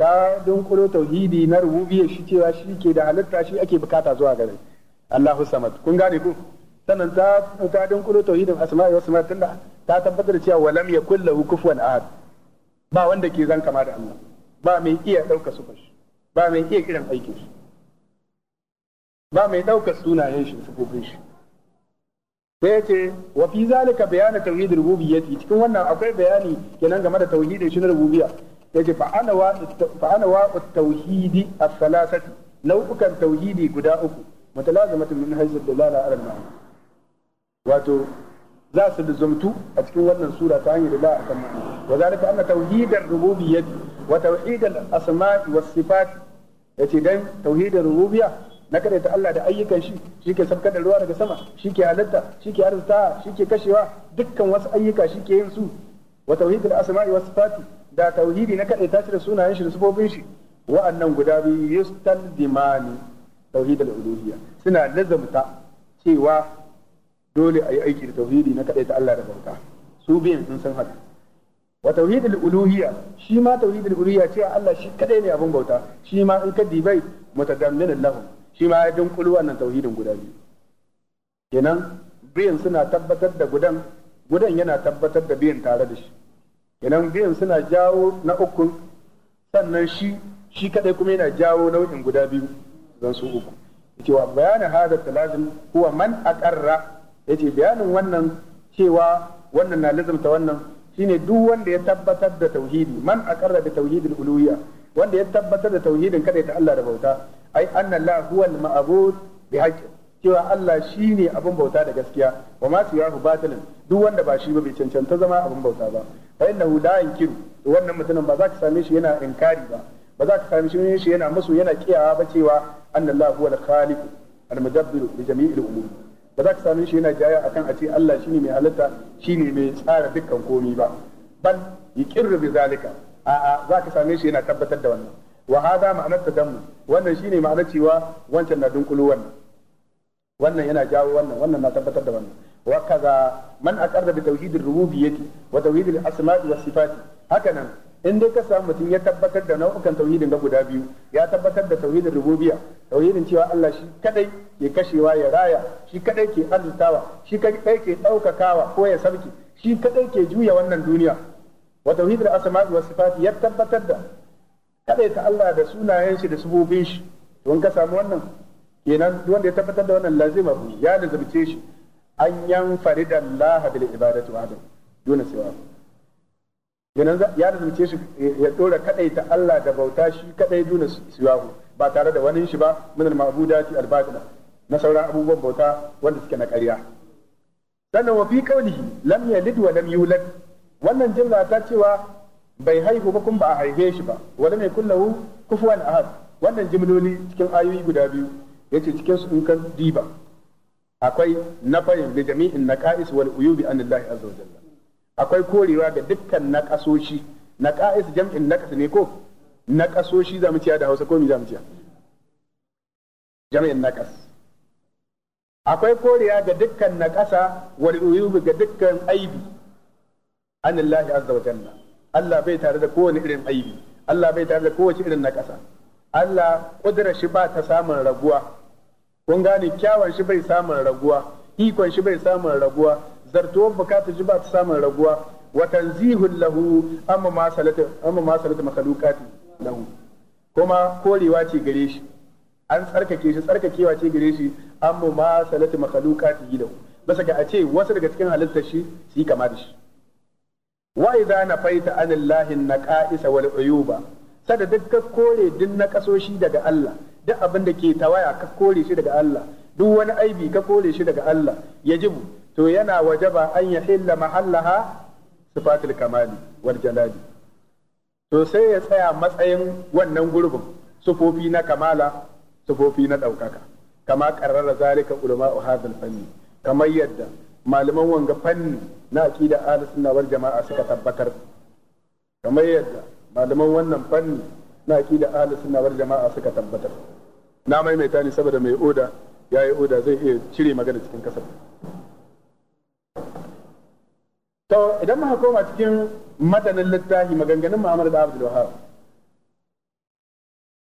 ta dunkulo tauhidi na rububiyya shi cewa shi ke da halitta shi ake bukata zuwa gare Allahu samad kun gane ku sannan ta ta dinkulo tauhidin asma'i wa sifat tunda ta tabbatar cewa walam yakul lahu kufuwan ahad ba wanda ke zan kama da Allah ba mai iya dauka sufar shi ba mai iya kiran aikin shi ba mai dauka sunayen shi sufofin shi sai ya ce wa fi zalika bayanu tauhid rububiyyati cikin wannan akwai bayani kenan game da tauhidin shi na rububiyya yace fa ana wa fa ana wa tauhidi as-salasati nau'ukan tauhidi guda uku mutalazimatu min haythu dalala ala al wato za su zumtu a cikin wannan sura ta hanyar da akan wa zalika anna tauhidar rububiyyah wa tauhidal asma'i was sifat yace dan tauhidar rububiyya na kada ta Allah da ayyukan shi shi ke sabkar da ruwa daga sama shi ke halitta shi ke arzuta shi ke kashewa dukkan wasu ayyuka shi ke yin su wa tauhidul asma'i was sifati da tauhidi na kada ta da sunayen shi da sifofin shi wa'annan guda biyu yustalzimani tauhidul uluhiyya suna lazamta cewa dole a yi aiki da tauhidi na kaɗai ta Allah da bauta su biyan sun san haka wa tauhidul uluhiyya shi ma tauhidul uluhiyya ce Allah shi kaɗai ne abin bauta shi ma in ka dibai mutadammin lahum shi ma ya dunkulu wannan tauhidin guda biyu kenan biyan suna tabbatar da gudan gudan yana tabbatar da biyan tare da shi kenan biyan suna jawo na uku sannan shi shi kadai kuma yana jawo nau'in guda biyu zan su uku yace wa bayani hada talazim huwa man aqarra yace bayanin wannan cewa wannan na lazumta wannan shine duk wanda ya tabbatar da tauhidi man aqarra bi tauhidil uluhiyya wanda ya tabbatar da tauhidin kada ta Allah da bauta ai anna Allah huwal ma'bud bi cewa Allah shine abin bauta da gaskiya wa ma siyahu batilin duk wanda ba shi ba bai cancanta zama abin bauta ba fa innahu la yankiru to wannan mutumin ba za ka same shi yana inkari ba ba za ka same shi yana musu yana kiyawa ba cewa anna Allah huwal khaliq al mudabbir li jami'il umur ba za ka same shi yana jaya akan a ce Allah shi ne mai halitta shi ne mai tsara dukkan komi ba bal yuqirru bi zalika a a za ka same shi yana tabbatar da wannan wa hada ma'anar ta tadammu wannan shi ne ma'anar cewa wancan na dunkulo wannan wannan yana jawo wannan wannan na tabbatar da wannan wa kaza man aqarra bi tauhidir rububiyyati wa tauhidil asma'i was sifati haka nan in dai ka samu mutum ya tabbatar da nau'ukan tauhidin ga guda biyu ya tabbatar da tauhidin rububiyya tauhidin cewa Allah shi kadai ke kashewa ya raya shi kadai ke arzutawa shi kadai ke daukakawa ko ya sarki shi kadai ke juya wannan duniya wa tauhidul asma'i was sifati ya tabbatar da kadai ta Allah da sunayen shi da sifofin shi to in ka samu wannan kenan wanda ya tabbatar da wannan lazima ya lazimce shi an yan faridallaha bil ibadati wa duna siwa yanzu ya lazumce shi ya kaɗai ta Allah da bauta shi kadai duna siwahu ba tare da wani shi ba min al-ma'budati al na sauran abubuwan bauta wanda suke na ƙarya sannan wa fi qawlihi lam yalid wa lam yulad wannan jumla ta cewa bai haihu ba kun ba a haife shi ba wala mai kullahu kufuwan ahad wannan jimloli cikin ayoyi guda biyu yace cikin su in kan diba akwai nafayin da jami'in naqais wal uyubi an azza wa jalla akwai korewa ga dukkan naƙasoshi ƙa'is jam'in naƙas ne ko naƙasoshi za mu ciya da hausa ko mu za mu ciya jam'in naƙas akwai korewa ga dukkan naƙasa wal uyubi ga dukkan aibi anillahi azza wa jalla Allah bai tare da kowane irin aibi Allah bai tare da kowace irin naƙasa Allah kudura shi ba ta samun raguwa kun gane kyawun shi bai samun raguwa ikon shi bai samun raguwa zartuwar bukata ji ba ta samun raguwa wa tanzihun lahu amma ma salata amma ma lahu kuma korewa ce gare shi an tsarkake shi tsarkakewa ce gare shi amma ma salata makhluqati lahu bisa ga a ce wasu daga cikin halittar shi su yi kama da shi wa idza nafaita anillahi naqa'isa wal uyuba sada duk ka kore duk na kasoshi daga Allah duk abin da ke tawaya ka kore shi daga Allah duk wani aibi ka kore shi daga Allah ya jibu. to yana wajaba an ya hilla mahallaha sifatul kamali wal jalali to sai ya tsaya matsayin wannan gurbin sufofi na kamala sufofi na ɗaukaka kama karrara zalika ulama'u hadhal fanni kamar yadda malaman wanga fanni na aqida ahlus sunna wal jama'a suka tabbatar kamar yadda malaman wannan fanni na aqida ahlus sunna wal jama'a suka tabbatar na maimaita ne saboda mai oda yayi oda zai iya cire magana cikin kasar to idan muka koma cikin matanin littafi maganganun Muhammad da Abdul Wahab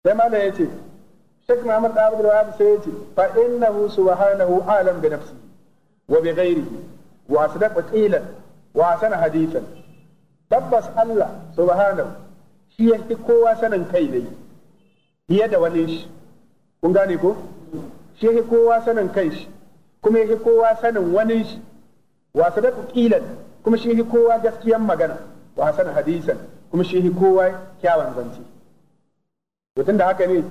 sai ya yace Sheikh Muhammad da Abdul Wahab sai yace fa innahu subhanahu alam bi nafsi wa bi ghairihi wa asdaqa qila wa sana hadithan tabbas Allah subhanahu shi yake kowa sanin kai ne fiye da wani shi kun gane ko shi yake kowa sanin kai shi kuma yake kowa sanin wani shi wa sadaqa qilan kuma shi kowa gaskiyan magana wa hasan hadisan kuma shi kowa kyawan zance to tunda haka ne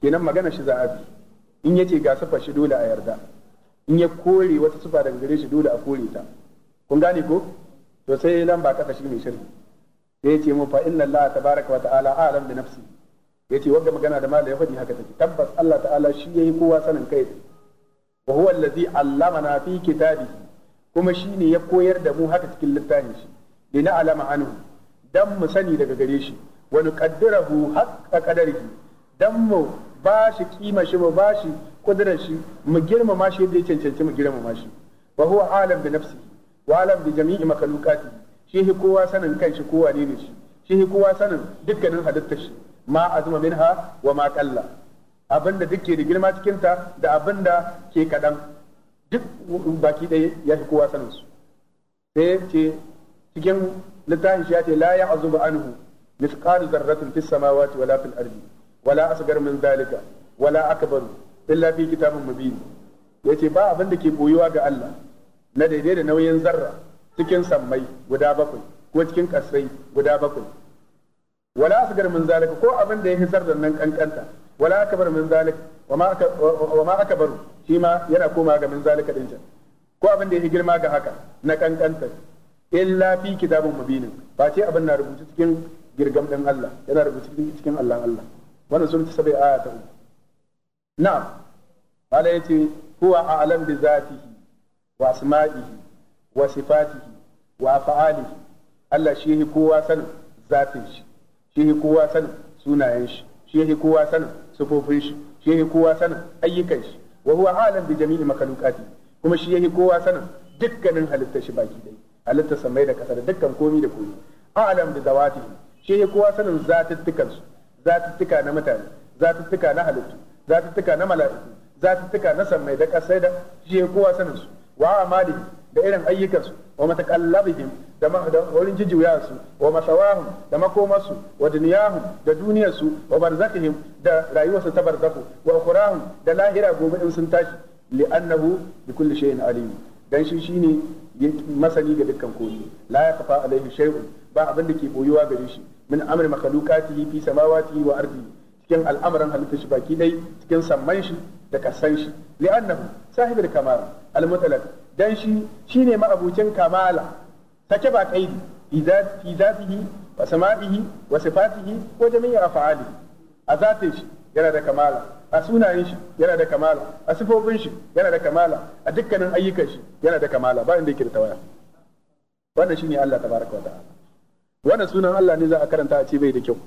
kenan magana shi za a bi in yace ga sufa shi dole a yarda in ya kore wata sufa daga gare shi dole a kore ta kun gane ko to sai nan ba kasa shi mai shirki sai ce mu fa inna allaha tabaraka wa ta'ala alam bi nafsi yace wanda magana da malai yahudi haka take tabbas Allah ta'ala shi yayi kowa sanin kai wa huwa allazi na fi kitabihi kuma shi ne ya koyar da mu haka cikin littafin shi lina alama anhu dan mu sani daga gare shi wa nuqaddirahu haqqa qadarihi dan mu ba shi kima shi mu ba shi kudurar shi mu girmama shi yadda cancanci mu girmama shi wa huwa alam bi nafsi wa alam bi jami'i makhluqati shi kowa sanin kanshi kowa ne ne shi shi kowa sanin dukkanin halittar shi ma azuma minha wa ma qalla abinda duk ke da girma cikin ta da abinda ke kadan duk baki ɗaya ya fi kowa sanin su sai ce cikin littafin shi ya ce la ya'zubu anhu mithqal dharratin fis samawati wala fil ardi wala asghar min zalika wala akbaru illa fi kitabin mubin ce ba abin da ke boyuwa ga Allah na daidai da nauyin zarra cikin sammai guda bakwai ko cikin kasai guda bakwai wala asgar min zalika ko abin da ya fi zarra nan kankanta wala akbar min zalik wa ma akbar shi ma yana koma ga min zalika din can ko abin da yake girma ga haka na kankanta illa fi kitabun mubinin ba ce abin na rubuce cikin girgam din Allah yana rubuce cikin Allah Allah wannan sun ci sabai aya ta uku na'am bala yace huwa a'lam bi zatihi wa asma'ihi wa sifatihi wa fa'alihi Allah shi kowa sanin zatin shi shi kowa sanin sunayen shi shi yake kowa sanin sufofin shi shi yake kowa sanin ayyukan shi wa huwa alam bi jami'il makhluqati kuma shi yake kowa sanin dukkanin halittar shi baki dai halittar samai da kasa da dukkan komi da komi alam da zawati shi yake kowa sanin zatuttukan su zatuttuka na mutane zatuttuka na halittu zatuttuka na mala'iku zatuttuka na samai da kasai da shi yake kowa sanin su wa amali da irin ayyukan su wa mataqallabihim da wurin jijuya su wa masawahum da makomarsu wa duniyahum da duniyarsu wa barzakihim da rayuwarsu ta barzaku wa ukhurahum da lahira gobe in sun tashi li'annahu bi kulli shay'in alim dan shi shine masani ga dukkan komai la yakfa alaihi shay'un ba abin da ke boyuwa gare shi min amri makhluqatihi fi samawati wa ardi cikin al'amuran halittar shi baki dai cikin samman shi da kasan shi li'annahu sahibir kamar al-mutlaq dan shi shi ne ma'abucin kamala take ba kaidi fi zatihi wa sama'ihi wa sifatihi wa jami'i af'ali a zatin shi yana da kamala a sunayen shi yana da kamala a sifofin shi yana da kamala a dukkanin ayyukan shi yana da kamala ba inda yake da tawaya wannan shi ne Allah tabaraka wa ta'ala wannan sunan Allah ne za a karanta a ce bai da kyau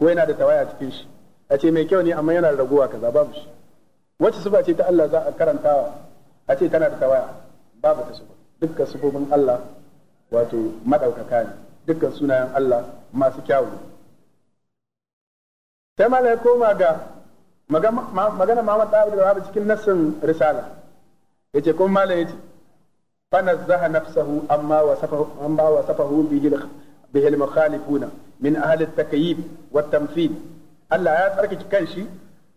ko yana da tawaya cikin shi a ce mai kyau ne amma yana da raguwa kaza babu shi wacce suba ce ta Allah za a karantawa. a ce kana da tawaya babu ta shigo dukkan sifofin Allah wato madaukaka ne dukkan sunayen Allah masu kyawu sai mala ya koma ga magana Muhammad Abdul Wahab cikin nassin risala yace kuma mala yace فنزه نفسه أما وصفه أما وصفه به به المخالفون من أهل التكييف والتمثيل ألا يترك كنشي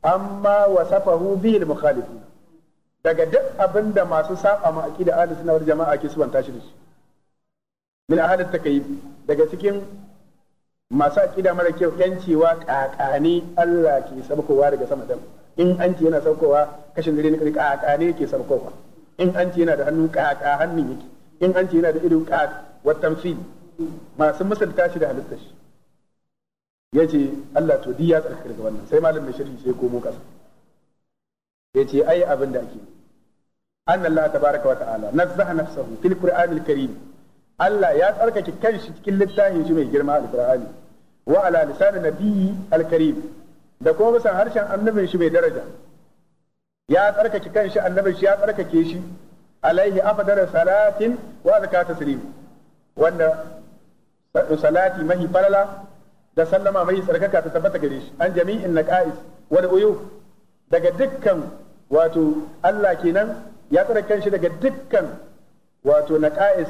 أما وصفه به المخالفون daga duk abin da masu saba ma aqida ahli sunna wal jama'a ke subanta shi da shi min ahli takayyib daga cikin masu aqida mara kyau yancewa kakani Allah ke sabkowa daga sama dan in an ce yana saukowa kashin dare ne kakane yake saukowa in an ce yana da hannu kaka hannun yake in an ce yana da ido kaka wa tamsil masu misalta shi da halitta shi yace Allah to diya tsarkar ga wannan sai malam mai sai komo kasa ya ce ai abin da ake an Allah tabaraka wa ta'ala nazzaha nafsahu fil qur'anil karim Allah ya tsarkake kanshi cikin littafin shi mai girma Al-Birahimu. alqur'ani wa ala lisan nabiyyi alkarim da kuma bisan harshen annabin shi mai daraja ya tsarkake kanshi annabin shi ya tsarkake shi alaihi afdara salatin wa zakata taslim wanda salati mahi falala da sallama mai tsarkaka ta tabbata gare shi an jami'in naqais wal uyub daga dukkan wato Allah kenan ya tsare kanshi daga dukkan wato na naqa'is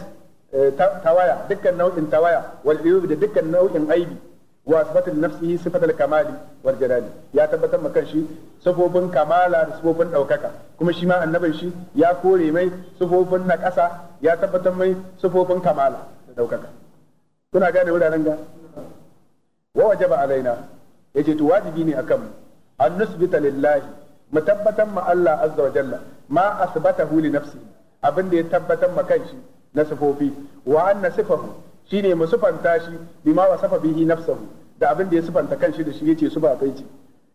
eh, tawaya dukkan nau'in tawaya wal da dukkan nau'in aibi wa sifatul nafsihi sifatul kamali wal jalali ya tabbatar maka shi sifofin kamala da sifofin daukaka kuma shi ma annabin shi ya kore mai sifofin ƙasa ya tabbatar mai sifofin kamala da daukaka kuna gane wuraren ga wa wajaba alaina yace to wajibi ne akan mu an nusbita lillahi mu tabbatar ma Allah azza wa jalla ma asbatahu li nafsi abin da ya tabbatar ma kanshi na sifofi wa anna sifahu shine mu sifanta shi bima wasafa bihi nafsahu da abin da ya sifanta kanshi da shi yace su ba kai ce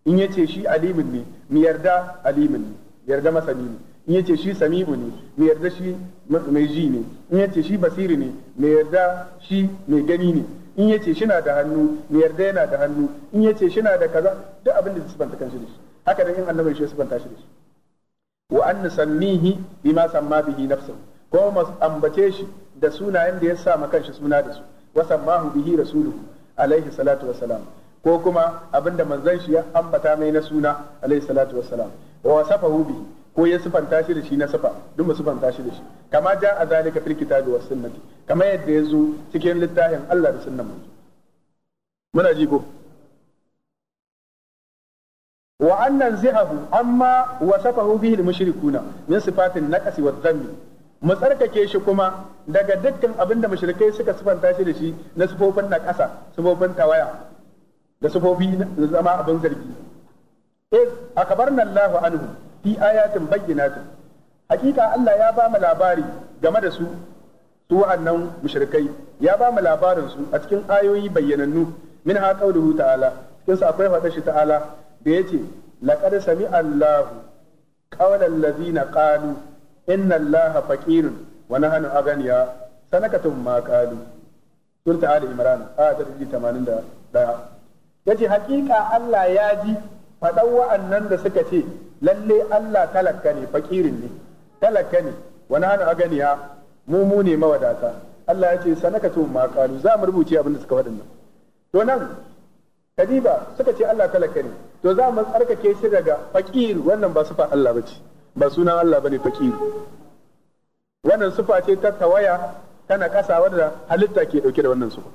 in yace shi alimin ne mu yarda alimin ne yarda masani ne in yace shi samimu ne mai yarda shi mai ji ne in yace shi basiri ne mai yarda shi mai gani ne in yace shi na da hannu mai yarda yana da hannu in yace shi na da kaza duk abin da zai sifanta kanshi da shi haka nan in annabi shi sifanta shi da shi wa an nusammihi bima samma bihi nafsuhu ko mu ambace shi da sunayen da ya sa ma kanshi suna da su wa sammahu bihi rasuluhu alaihi salatu wassalam ko kuma abinda manzon shi ya ambata mai na suna alaihi salatu wassalam wa wasafahu bihi ko ya sifanta shi da shi na sifa duk mu shi da shi kama ja a zalika fil kitabi was sunnati kama yadda ya zo cikin littafin Allah da sunnan manzo muna ji ko wa annan zihahu amma wasafahu bihi al-mushrikuna min sifatin naqsi wa dhanbi mu tsarkake shi kuma daga dukkan abin da mushrikai suka sifanta shi da shi na sifofin na ƙasa sifofin tawaya da sifofi zama abin zargi iz akabarna Allahu anhu fi ayatin bayyinatin hakika Allah ya ba mu labari game da su su wa'annan mushrikai ya ba mu labarin su a cikin ayoyi bayyanannu min ha qauluhu ta'ala cikin sa akwai fadar shi ta'ala da yace laqad sami Allahu qawla allazina qalu inna Allaha faqirun wa nahnu aghniya sanakatun ma qalu surta ali imran aya 81 yace hakika Allah ya ji faɗan wa'annan da suka ce lalle Allah talaka ne fakirin ne talaka ne wani hana aganiya mu mu ne mawadata Allah ya ce sanaka to ma maƙalu za mu rubuce abin da suka faɗin nan to nan kadiba suka ce Allah talaka ne to za mu tsarkake shi daga fakir wannan ba sufa Allah bace ba sunan Allah bane fakir wannan sufa ce ta tawaya tana kasa wanda halitta ke dauke da wannan sufa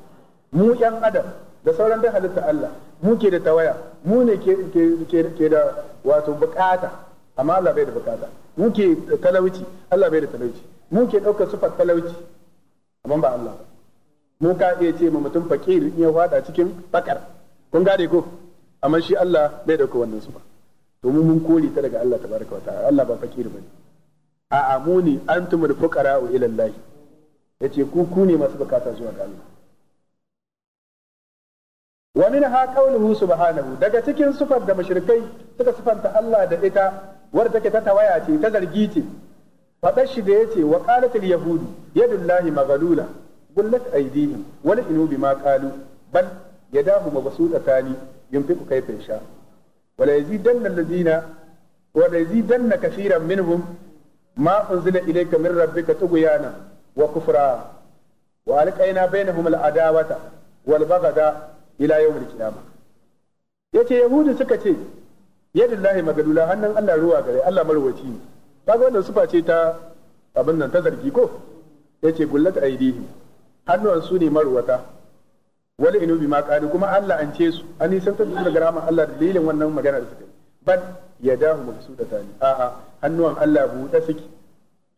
mu yan adam da sauran duk halitta Allah mu ke da tawaya mu ne ke da wato bukata amma Allah bai da bukata mu ke talauci Allah bai da talauci mu ke ɗaukar sufar talauci amma ba Allah mu ka iya ce ma mutum fakir in ya fada cikin bakar kun gane ko amma shi Allah bai dauka wannan sufa domin mun koli ta daga Allah tabaraka wa ta'ala Allah ba fakir bane a'a mu ne antumul fuqara ila Allah yace ku ku ne masu bukata zuwa ga Allah wa minha qawluhu subhanahu daga cikin sifar da mushrikai suka sifanta Allah da ita wadda take ta tawaya ce ta zargi ce fadar shi da yace wa qalat al yahud yadullahi maghlula gullat aydihim wa la'inu bima qalu bal yadahu mabsutatani yunfiqu kayfa yasha wa la yazidanna alladhina wa la yazidanna kaseeran minhum ma unzila ilayka min rabbika tughyana wa kufra wa alqayna bainahum al adawata wal baghda ila yawmil ya yace yahudu suka ce yadillahi magadula hannun Allah ruwa gare Allah marwaci ne kaga wannan sufa ce ta abin nan ta zargi ko yace gullat aidihim hannuwan su ne marwata wani inubi ma qalu kuma Allah an ce su an nisan ta daga rahama Allah dalilin wannan magana da suka yi ya su da tani a'a hannuwan Allah buɗe suke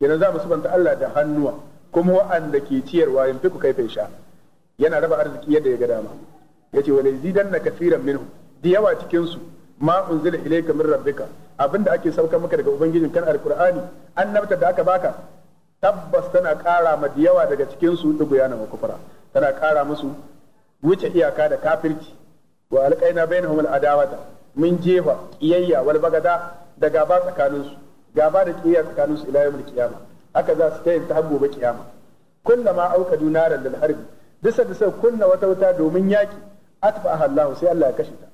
yana za mu subanta Allah da hannuwa kuma wa'anda ke ciyarwa fi ku kai fai sha yana raba arziki yadda ya ga dama yace wala zidanna na minhum da yawa cikinsu su ma unzila ilayka min rabbika abinda ake saukar maka daga ubangijin kan alqur'ani annabta da aka baka tabbas tana kara ma da yawa daga cikin su duguya na makufara tana kara musu wuce iyaka da kafirci wa alqaina bainahum al'adawata mun jefa iyayya wal bagada da gaba tsakanin gaba da kiyaya tsakaninsu su ila yawmil qiyama haka za su tayin ta gobe kiyama kullama auka naran lil harbi bisa da kunna wata wuta domin yaki atba Allah sai Allah ya kashe ta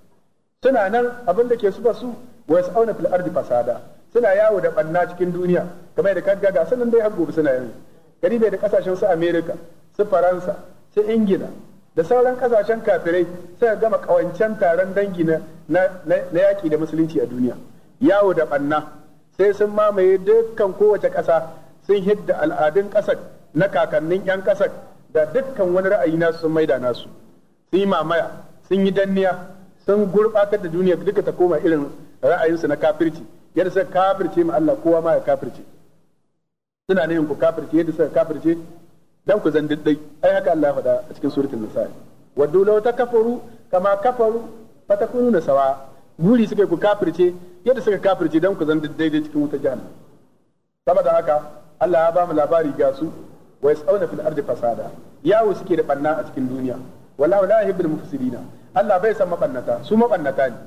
suna nan abinda ke su basu wa yas'auna fil ardi fasada suna yawo da banna cikin duniya kamar da kaga ga sanan dai har gobe suna yanzu gari da kasashen su America su Faransa su Ingila da sauran kasashen kafirai suka gama kawancen taron dangi na na yaki da musulunci a duniya yawo da banna sai sun mamaye dukkan kowace kasa sun hidda al'adun ƙasar na kakannin 'yan ƙasar da dukkan wani ra'ayi nasu sun maida nasu sun yi mamaya sun yi danniya sun gurbatar da duniya duka ta koma irin ra'ayinsu na kafirci yadda suka kafirce ma Allah kowa ma ya kafirce suna yin ku kafirce yadda suka kafirce dan ku zan diddai ai haka Allah ya faɗa a cikin suratul nisa waddu law takafaru kama kafaru fatakununa sawa guri suka ku kafirce yadda suka kafirce dan ku zan dai cikin wuta jahannam saboda haka Allah ya ba mu labari ga su wa yas'auna fil ardi fasada yawo suke da banna a cikin duniya Wala wala. yuhibbul mufsidina Allah bai san mabannata su mabannata ne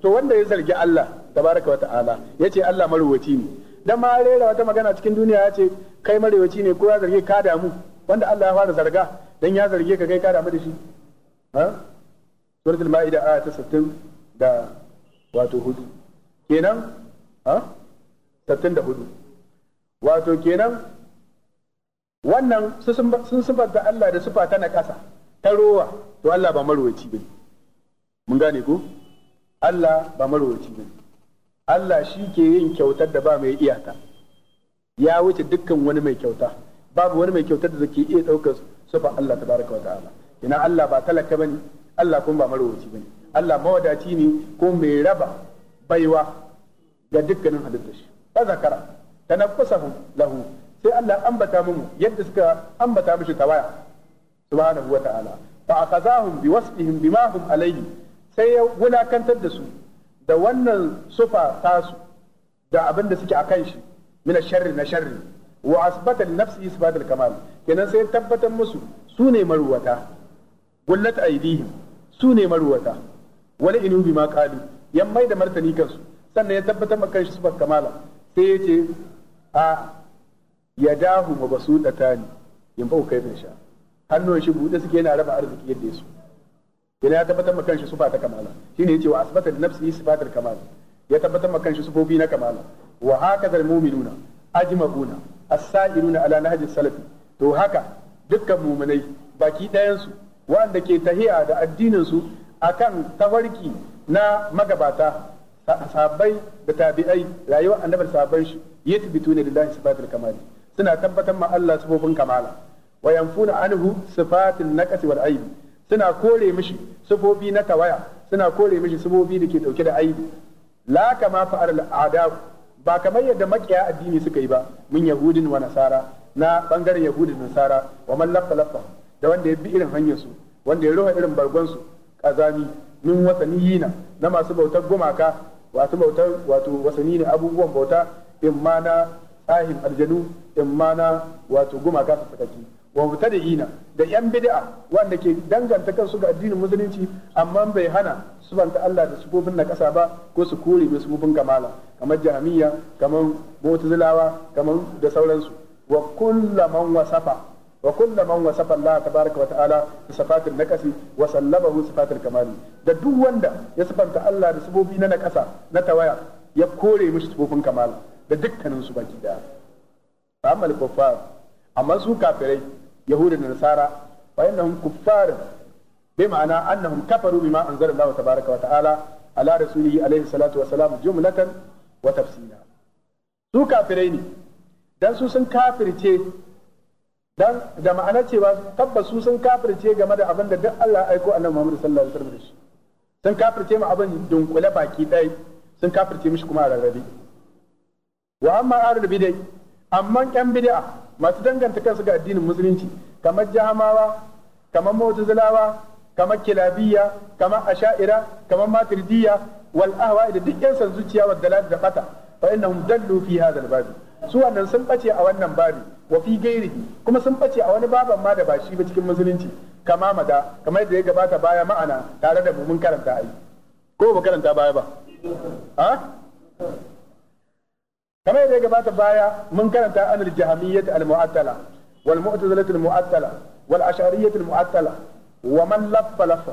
to wanda ya zargi Allah tabaraka wa ta'ala yace Allah maruwaci ne dan ma rera wata magana cikin duniya yace kai maruwaci ne ko ya zarge ka damu wanda Allah ya fara zarga dan ya zarge ka kai ka damu da shi ha suratul maida 60 da wato hudu kenan ha 64 wato kenan wannan sun sifar da Allah da sufa ta na ƙasa ta rowa to Allah ba marowaci bane mun gane ko Allah ba marowaci bane Allah shi ke yin kyautar da ba mai iyaka ya wuce dukkan wani mai kyauta babu wani mai kyautar da zake iya ɗaukar sufa Allah tabaraka wa ta'ala ina Allah ba talaka bane Allah kuma ba marowaci bane Allah mawadaci ne ko mai raba baiwa ga dukkanin halittar shi fa zakara tanaffasahu lahu sai Allah ambata mu yadda suka ambata mishi tawaya subhanahu wa ta'ala fa akhazahum bi wasfihim bima hum alayhi sai ya wulakantar da su da wannan sufa tasu da abin da suke akan shi min sharri na sharri wa asbata li nafsihi isbatal kamal kenan sai tabbatar musu su ne maruwata gullat aidihim su ne maruwata wala inu bima qalu yan mai da martani kansu sannan ya tabbatar maka shi sifar kamala sai ya ce a ya dahu ma ba su ɗata ne yin ba kai sha hannun shi buɗe suke yana raba arziki yadda ya so yana ya tabbatar ma kanshi sufa ta kamala shine yace wa asbata li nafsihi sifatul kamal ya tabbatar ma kanshi sufofi na kamala wa hakadha muminuna ajma'una as-sa'iruna ala nahji salafi to haka dukkan mu'minai baki ɗayan su wanda ke tahiya da addinin su akan tafarki na magabata sahabbai da tabi'ai rayuwar annabar sahabban shi ne lillahi sifatul kamali suna tabbatar ma Allah sifofin kamala wa yanfuna anhu sifatin naqsi wal aibi suna kore mishi sifofi na tawaya suna kore mishi sifofi da ke dauke da aibi la kama fa'al al'ada ba kamar yadda makiya addini suka yi ba mun yahudin wa nasara na bangaren yahudin nasara wa man laffa laffa da wanda ya bi irin hanyar su wanda ya roha irin bargonsu su kazami min wasaniyina na masu bautar gumaka wato bautar wato ne abubuwan bauta imma na tsahin aljanu in mana wato gumaka su sakaki wa mutada'ina da yan bid'a wanda ke danganta kansu ga addinin musulunci amma bai hana subanta Allah da sufofin na kasa ba ko su kore mai sufofin kamala kamar jahamiya kamar mu'tazilawa kamar da sauransu wa kullaman wasafa wa kullaman wasafa Allah tabaraka wa ta'ala bi sifatil naqasi wa sallabahu sifatil kamali da duk wanda ya sifanta Allah da sufofi na nakasa na tawaya ya kore mishi sufofin kamala da dukkanin su baki daya amma kuffar amma su kafirai yahudu da nasara fa innahum kuffar bi ma'ana annahum kafaru bima anzala Allah tabaaraka wa ta'ala ala rasulihi alaihi salatu wa salam jumlatan wa tafsila su kafirai ne dan su sun kafirce dan da ma'ana cewa tabbas su sun kafirce game da abin da duk Allah ya aiko annabi Muhammad sallallahu alaihi wasallam shi sun kafirce mu abin dunkule baki dai sun kafirce mishi kuma a rarrabe wa amma ahlul dai. amma yan bid'a masu danganta kansu ga addinin musulunci kamar jahamawa kamar mu'tazilawa kamar Kilabiya, kamar asha'ira kamar maturidiyya wal ahwa da duk yan san zuciya wa dalal da fata fa innahum dallu fi hadha al babi su wannan sun bace a wannan babi wa fi kuma sun bace a wani baban ma da ba shi ba cikin musulunci kama mada kamar yadda ya gabata baya ma'ana tare da mu mun karanta ai ko ba karanta baya ba ha kamar yadda ya gabata baya mun karanta anil jahamiyyat al mu'attala wal mu'tazilat al mu'attala wal al mu'attala wa man laffa laffa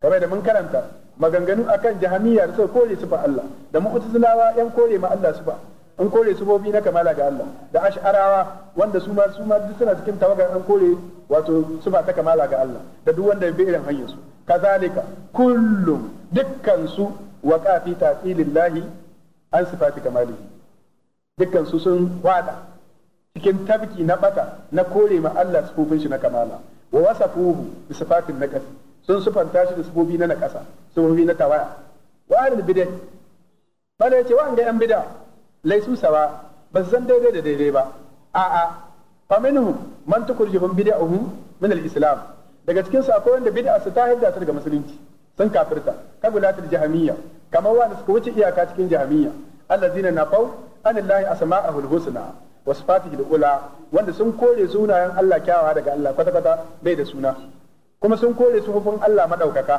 kamar yadda mun karanta maganganu akan jahamiyya da suka kore sifa Allah da mu'tazilawa yan kore ma Allah sifa an kore sufofi na kamala ga Allah da ash'arawa wanda su ma suna cikin tawagar an kore wato sifa ta kamala ga Allah da duk wanda bi irin hanyar su kazalika kullum dukkan su waqa fi ta'tilillahi dukkan su sun wada cikin tabki na bata na kore ma Allah sufofin shi na kamala wa wasafuhu bi sifatin naqas sun sufanta shi da sufofi na nakasa sufofi na tawaya wa al bid'a bala yace wa an ga yan bid'a laisu sawa ba san daidai da daidai ba a'a fa minhum man tukurjuhum bid'ahum min al-islam daga cikin su akwai wanda bid'a su ta hidda su daga musulunci sun kafirta kabulatul jahamiyya kamar wanda suka wuce iyaka cikin jahamiyya allazina nafau anillahi asma'ul husna wa sifatihi ula wanda sun kore sunayen Allah kyawawa daga Allah kwata kwata bai da suna kuma sun kore sufufin Allah madaukaka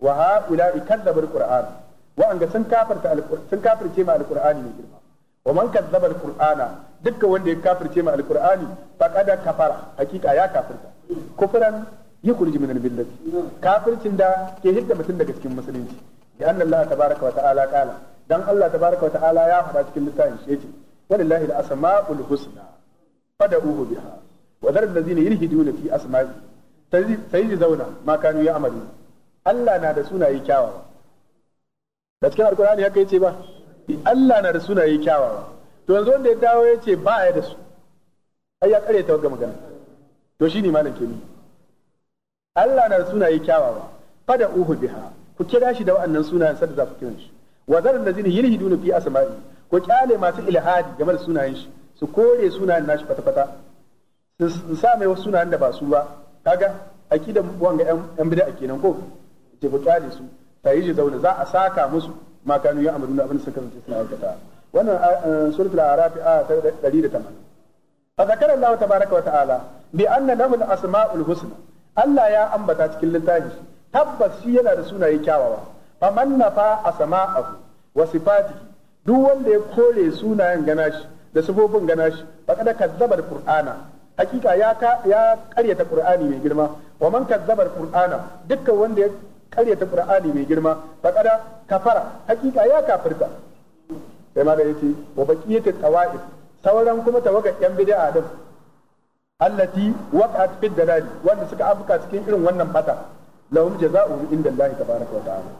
wa ha'ula'i kadzabul qur'an wa'anga sun kafirta sun kafirce ma alqur'ani ne girma wa man kadzaba alqur'ana dukkan wanda ya kafirce ma alqur'ani faqada kafara hakika ya kafirta kufran yukhruju min al-billah kafircin da ke hidda mutum daga cikin musulunci da annallaha tabaaraka wa ta'ala qala dan Allah tabaraka wa ta'ala ya faɗa cikin littafin shi yace walillahi al-asma'ul husna fad'uhu biha wa dhar allazina yulhiduna fi asma'i sayyi zauna ma kanu ya'malu Allah na da sunaye kyawawa da cikin alqur'ani haka yace ba Allah na da sunaye kyawawa to yanzu wanda ya dawo yace ba ya da su ai ya kare ta wagga magana to shine malam kenan Allah na da sunaye kyawawa fad'uhu biha ku kira shi da wa'annan sunayen da za ku kiran shi wa zarar da zini yilhiduna fi asma'i ko kyale masu ilhadi game da sunayen shi su kore sunayen nashi fata-fata su sa mai wasu sunayen da ba su ba kaga akida wanga yan bid'a kenan ko ce ku kyale su sai ji zaune za a saka musu ma kanu ya amruna abin suka sace suna aikata wannan suratul a'raf a 180 fa zakara Allah tabaaraka wa ta'ala bi anna lahu al-asma'ul husna Allah ya ambata cikin littafi tabbas shi yana da sunaye kyawawa faman nafa asma'ahu wa sifatihi duk wanda ya kore sunayen ganashi da sufofin ganashi ka kazzaba qur'ana hakika ya ya karyata qur'ani mai girma wa man kazzaba qur'ana dukkan wanda ya karyata qur'ani mai girma faqad kafara hakika ya kafirta sai ma da yace wa baqiyatu qawaid sauran kuma tawaga yan bid'a din allati waqat fi dalali wanda suka afka cikin irin wannan fata lahum jaza'u inda Allah tabaaraka wa ta'ala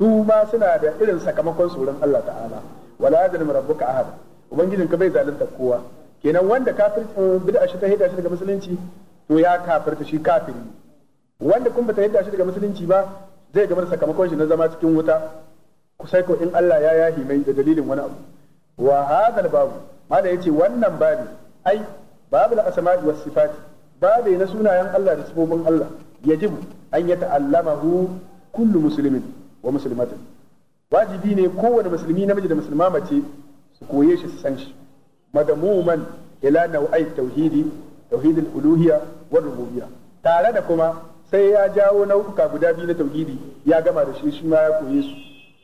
su ma suna da irin sakamakon tsoron Allah ta'ala wala yadrim rabbuka ahad ubangijin ka bai zalunta kowa kenan wanda kafir eh, bid'a shi ta hidda shi daga musulunci to ya kafirta shi kafiri wanda kuma bata hidda shi daga musulunci ba zai gamar sakamakon shi na zama cikin wuta sai ko in Allah ya yahi mai da dalilin wani abu wa hadal babu mala yace wannan babu ai babu al-asma'i was sifati babu na sunayen Allah da sifofin Allah yajibu an yata'allamahu kullu muslimin wa musulmatin wajibi ne kowane musulmi namiji da musulma mace su koye shi su san shi madamuman ila nau'ai tauhidi tauhidul uluhiyya wa rububiyya tare da kuma sai ya jawo nau'uka guda biyu na tauhidi ya gama da shi shi ma ya koye su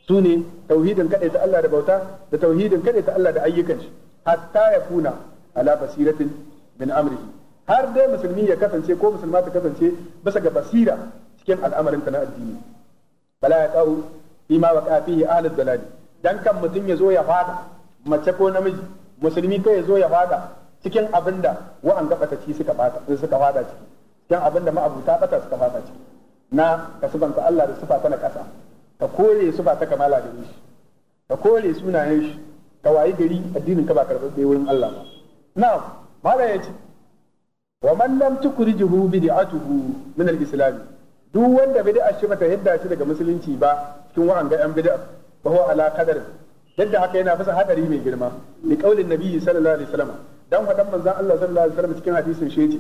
su ne tauhidin kadai ta Allah da bauta da tauhidin kadai ta Allah da ayyukan shi hatta ya kuna ala basiratin min amrihi har dai musulmi ya kasance ko musulma ta kasance bisa ga basira cikin al'amarin ta na addini Bala ya ɗau qau bima waqa fihi da dalal dan kan mutum ya zo ya fada mace ko namiji musulmi kai ya zo ya fada cikin abinda wa'an gaba ta ci suka fada suka fada ciki cikin abinda ma'abuta bata suka fada ciki na ka subanta Allah da sifa ta na kasa ka kore ba ta kamala da shi ka kore sunayen shi ka wayi gari addinin ka ba karɓaɓɓe wurin Allah ba na'am malam yace wa man lam tukrijuhu bid'atuhu min al-islam duk wanda bid'a shi bata yadda shi daga musulunci ba cikin wa'anga yan bid'a fa huwa ala qadar yadda haka yana fasa hadari mai girma li qaulin nabiyyi sallallahu alaihi wasallam dan fadan manzon Allah sallallahu alaihi wasallam cikin hadisin ku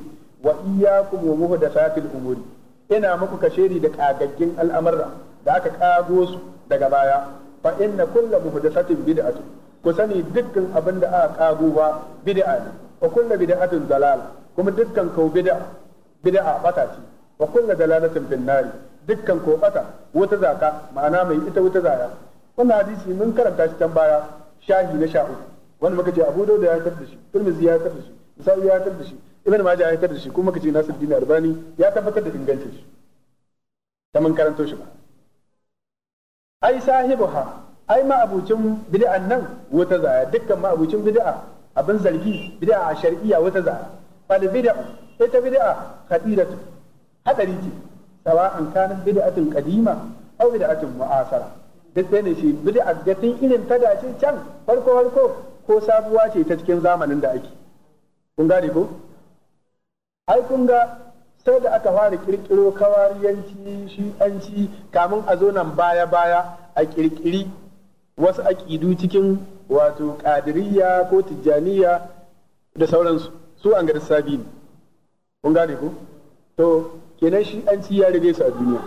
wa iyyakum wa muhdathatil umuri ina muku kashiri da kagaggin al'amarra da aka kago su daga baya fa inna kullu muhdathatin bid'atu ku sani dukkan abin da aka kago ba bid'a ne wa kullu bid'atin dalal kuma dukkan kau bid'a bid'a bata ce wa kullu dalalatin bin nari dukkan kobata wata zaka ma'ana mai ita wata zaya wannan hadisi mun karanta shi can baya shahi na sha uku wanda muka ce Abu da ya tar da shi Tirmidhi ya tar da shi Nasa'i ya tar da shi Ibn Majah ya tar da shi kuma muka ce Nasiruddin Albani ya tabbatar da ingancin shi ta mun karanto shi ba ai sahibuha ai ma abucin bid'an nan wata zaya dukkan ma abucin bid'a abin zargi bid'a a shar'iyya wata zaya fal bid'a ita bid'a khatiratu hadari ce an kanat bid'atun qadima aw bid'atun mu'asara duk sai ne shi bid'a da tun irin ta dace can farko farko ko sabuwa ce ta cikin zamanin da ake kun gane ko ai kun ga sai da aka fara kirkiro kawariyanci shi'anci kamun a zo nan baya baya a kirkiri wasu aƙidu cikin wato ƙadiriyya ko tijjaniya da sauransu su an gari sabi ne kun gane ko to kenan shi an ci ya rage su a duniya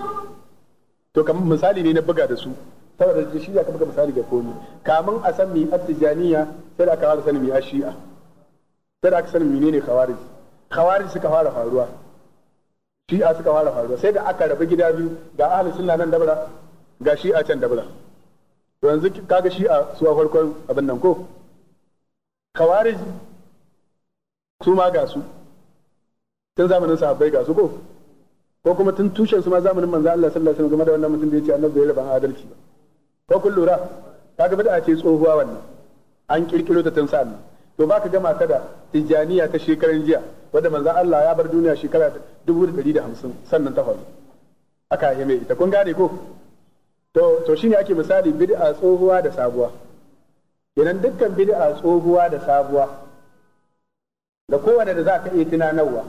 to kamar misali ne na buga da su saboda shi ya buga misali ga komi kamun a san mi attijaniya sai da aka fara sanin mi ashi'a sai da aka sanin menene khawarij khawarij suka fara faruwa shi'a suka fara faruwa sai da aka rabu gida biyu ga ahlus sunna nan dabara ga shi'a can dabara to yanzu kaga shi'a su a farkon abin nan ko khawarij su ma ga su tun zamanin sahabbai ga su ko ko kuma tun tushen su ma zamanin manzo Allah sallallahu alaihi wasallam game da wannan mutum da yace annabi bai ban adalci ba ko kun lura kaga bid'a ce tsohuwa wannan an kirkiro ta tun sa'an to ba ka gama ta da tijaniya ta shekaran jiya wadda manzo Allah ya bar duniya shekara 1150 sannan ta faru aka yi mai ita kun gane ko to to shine ake misali bid'a tsohuwa da sabuwa kenan dukkan bid'a tsohuwa da sabuwa da kowane da za ka iya tunanarwa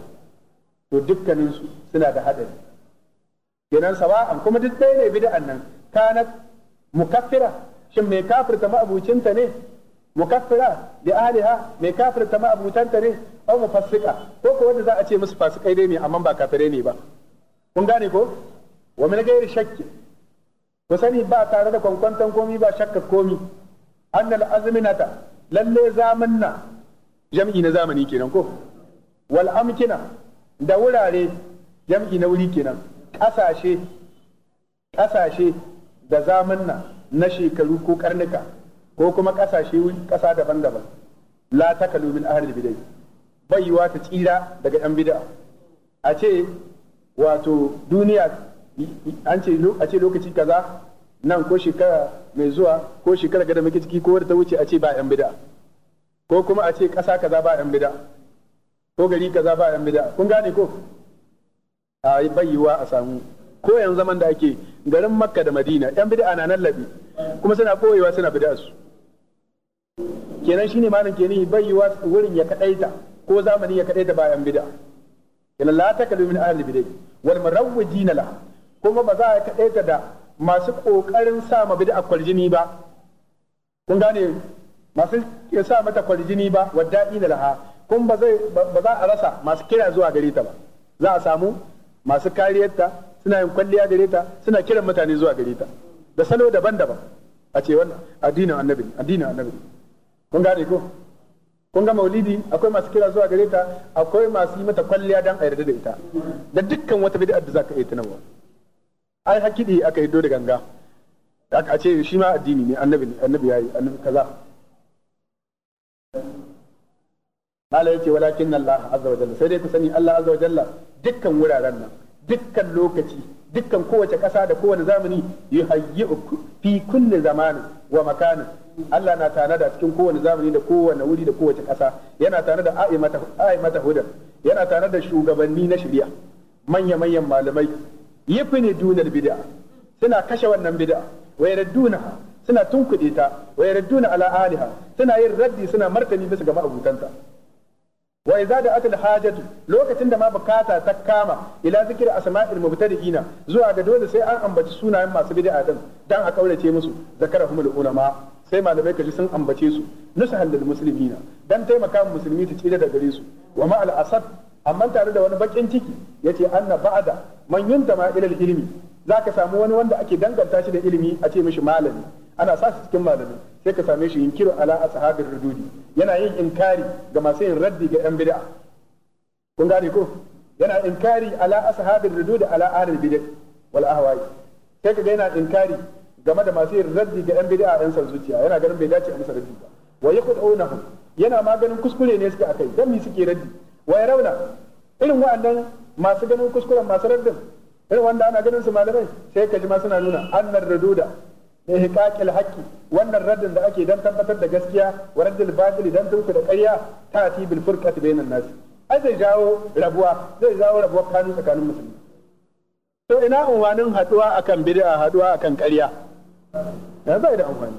to dukkaninsu suna da haɗari kenan sawa'an kuma duk ɗaya ne bid'an nan kanat mukaffira shin mai kafirta ma'abucinta ne mukaffira bi ahliha mai kafirta ma'abutanta ne aw mufassika ko ko wanda za a ce musu fasikai dai ne amma ba kafirai ne ba kun gane ko wa min ghairi shakki ku sani ba tare da kwankwantan komi ba shakka komi annal azminata lalle zamanna jam'i na zamani kenan ko wal amkina da wurare jam'i na wuri kenan ƙasashe kasashe da zamanna na shekaru ko karnuka ko kuma ƙasashe kasa daban-daban la takalu min ahli bidai bai ta tsira daga yan bid'a a ce wato duniya an ce a ce lokaci kaza nan ko shekara mai zuwa ko shekara ga da muke ciki ko wadda ta wuce a ce ba yan bid'a ko kuma a ce ƙasa kaza ba yan bid'a ko gari kaza ba yan bid'a kun gane ko a bayyuwa a samu ko yan zaman da ake garin makka da madina yan bid'a na nan labi kuma suna koyewa suna bid'a su kenan shine malam ke nihi bayyuwa wurin ya kadaita ko zamani ya kadaita ba yan bid'a kenan la kalu min ahli bid'a wal murawwijin la kuma ba za a kadaita da masu kokarin sa ma bid'a kwaljini ba kun gane masu ya sa mata kwaljini ba wadda'ina laha Kun ba zai ba za a rasa masu kira zuwa gare ta ba za a samu masu kariyarta suna yin kwalliya gare ta suna kiran mutane zuwa gare ta da salo daban-daban a ce wannan addinin annabi addinin annabi kun gane ko kun ga maulidi akwai masu kira zuwa gare ta akwai masu yi mata kwalliya dan a yarda da ita da dukkan wata bid'a da zaka iya tunawa ai hakidi aka yi da ganga aka ce shi ma addini ne annabi annabi yayi annabi kaza Allah yace walakin Allah azza wa jalla sai dai ku sani Allah azza wa jalla dukkan wuraren nan dukkan lokaci dukkan kowace ƙasa da kowane zamani yuhayyi'uku fi kulli zamanin wa makanin Allah na tana da cikin kowane zamani da kowane wuri da kowace ƙasa yana tana da a'imata hudan yana tana da shugabanni na shari'a manya manyan malamai yifini dunar bid'a suna kashe wannan bid'a wa yaraddunaha suna tunkuɗe ta wa yaradduna ala aliha suna yin raddi suna martani bisa ga ma'abutanta wa idza da hajatu lokacin da ma bukata ta kama ila zikir asma'il mubtadi'ina zuwa ga dole sai an ambaci sunayen masu bid'a din dan a kaurace musu zakarahumul ulama sai malamai kaji sun ambace su nusahan lil muslimina dan taimaka musulmi ta tsira da gare su wa ma al asad amma tare da wani bakin ciki yace anna ba'da man yuntama ila al ilmi zaka samu wani wanda ake danganta shi da ilimi a ce mishi malami ana sa shi cikin malami sai ka same shi yunkiru ala ashabir rududi yana yin inkari ga masu yin raddi ga yan bid'a kun gane ko yana inkari ala a rududi ala ahlil bid'a wal ahwa'i sai ka ga yana inkari game da masu yin raddi ga yan bid'a yan san zuciya yana ganin bai dace a musu raddi ba wa yaqudunahum yana maganin kuskure ne suke akai dan mi suke raddi wa yarawna irin wa'annan masu ganin kuskuren masu raddin irin wanda ana ganin su malamai sai ka ji ma suna nuna annar raduda ihqaqil haqqi wannan raddin da ake dan tabbatar da gaskiya wa raddil batil dan tunku da ƙarya ta ti bil furqat bainan nas ai zai jawo rabuwa zai jawo rabuwa kanu tsakanin musulmi to ina unwanin haduwa akan bid'a haduwa akan ƙarya ya zai da unwani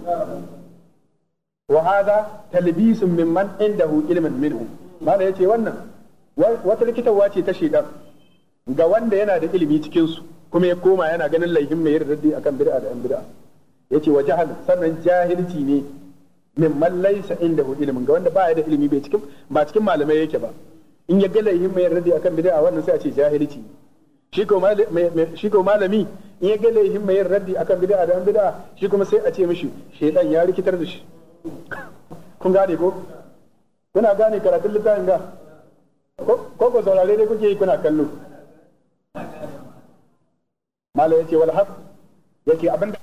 wa hadha talbisun mimman indahu ilmin minhu mala yace wannan wata likitarwa ce ta shedan ga wanda yana da ilimi cikin su kuma ya koma yana ganin laifin mai yarda akan bid'a da an bid'a yace wa jahal sannan jahilci ne min man laysa indahu ilmin ga wanda ba ya da ilimi bai cikin ba cikin malamai yake ba in ya gala laihin mai radi akan bid'a wannan sai a ce jahilci shi ko shi ko malami in ya gala laihin mai radi akan bid'a da an bid'a shi kuma sai a ce mishi shedan ya rikitar da shi kun gane ko kuna gane karatun littafin ga ko ko saurare dai kuke yi kuna kallo malai yace wal haq yake abinda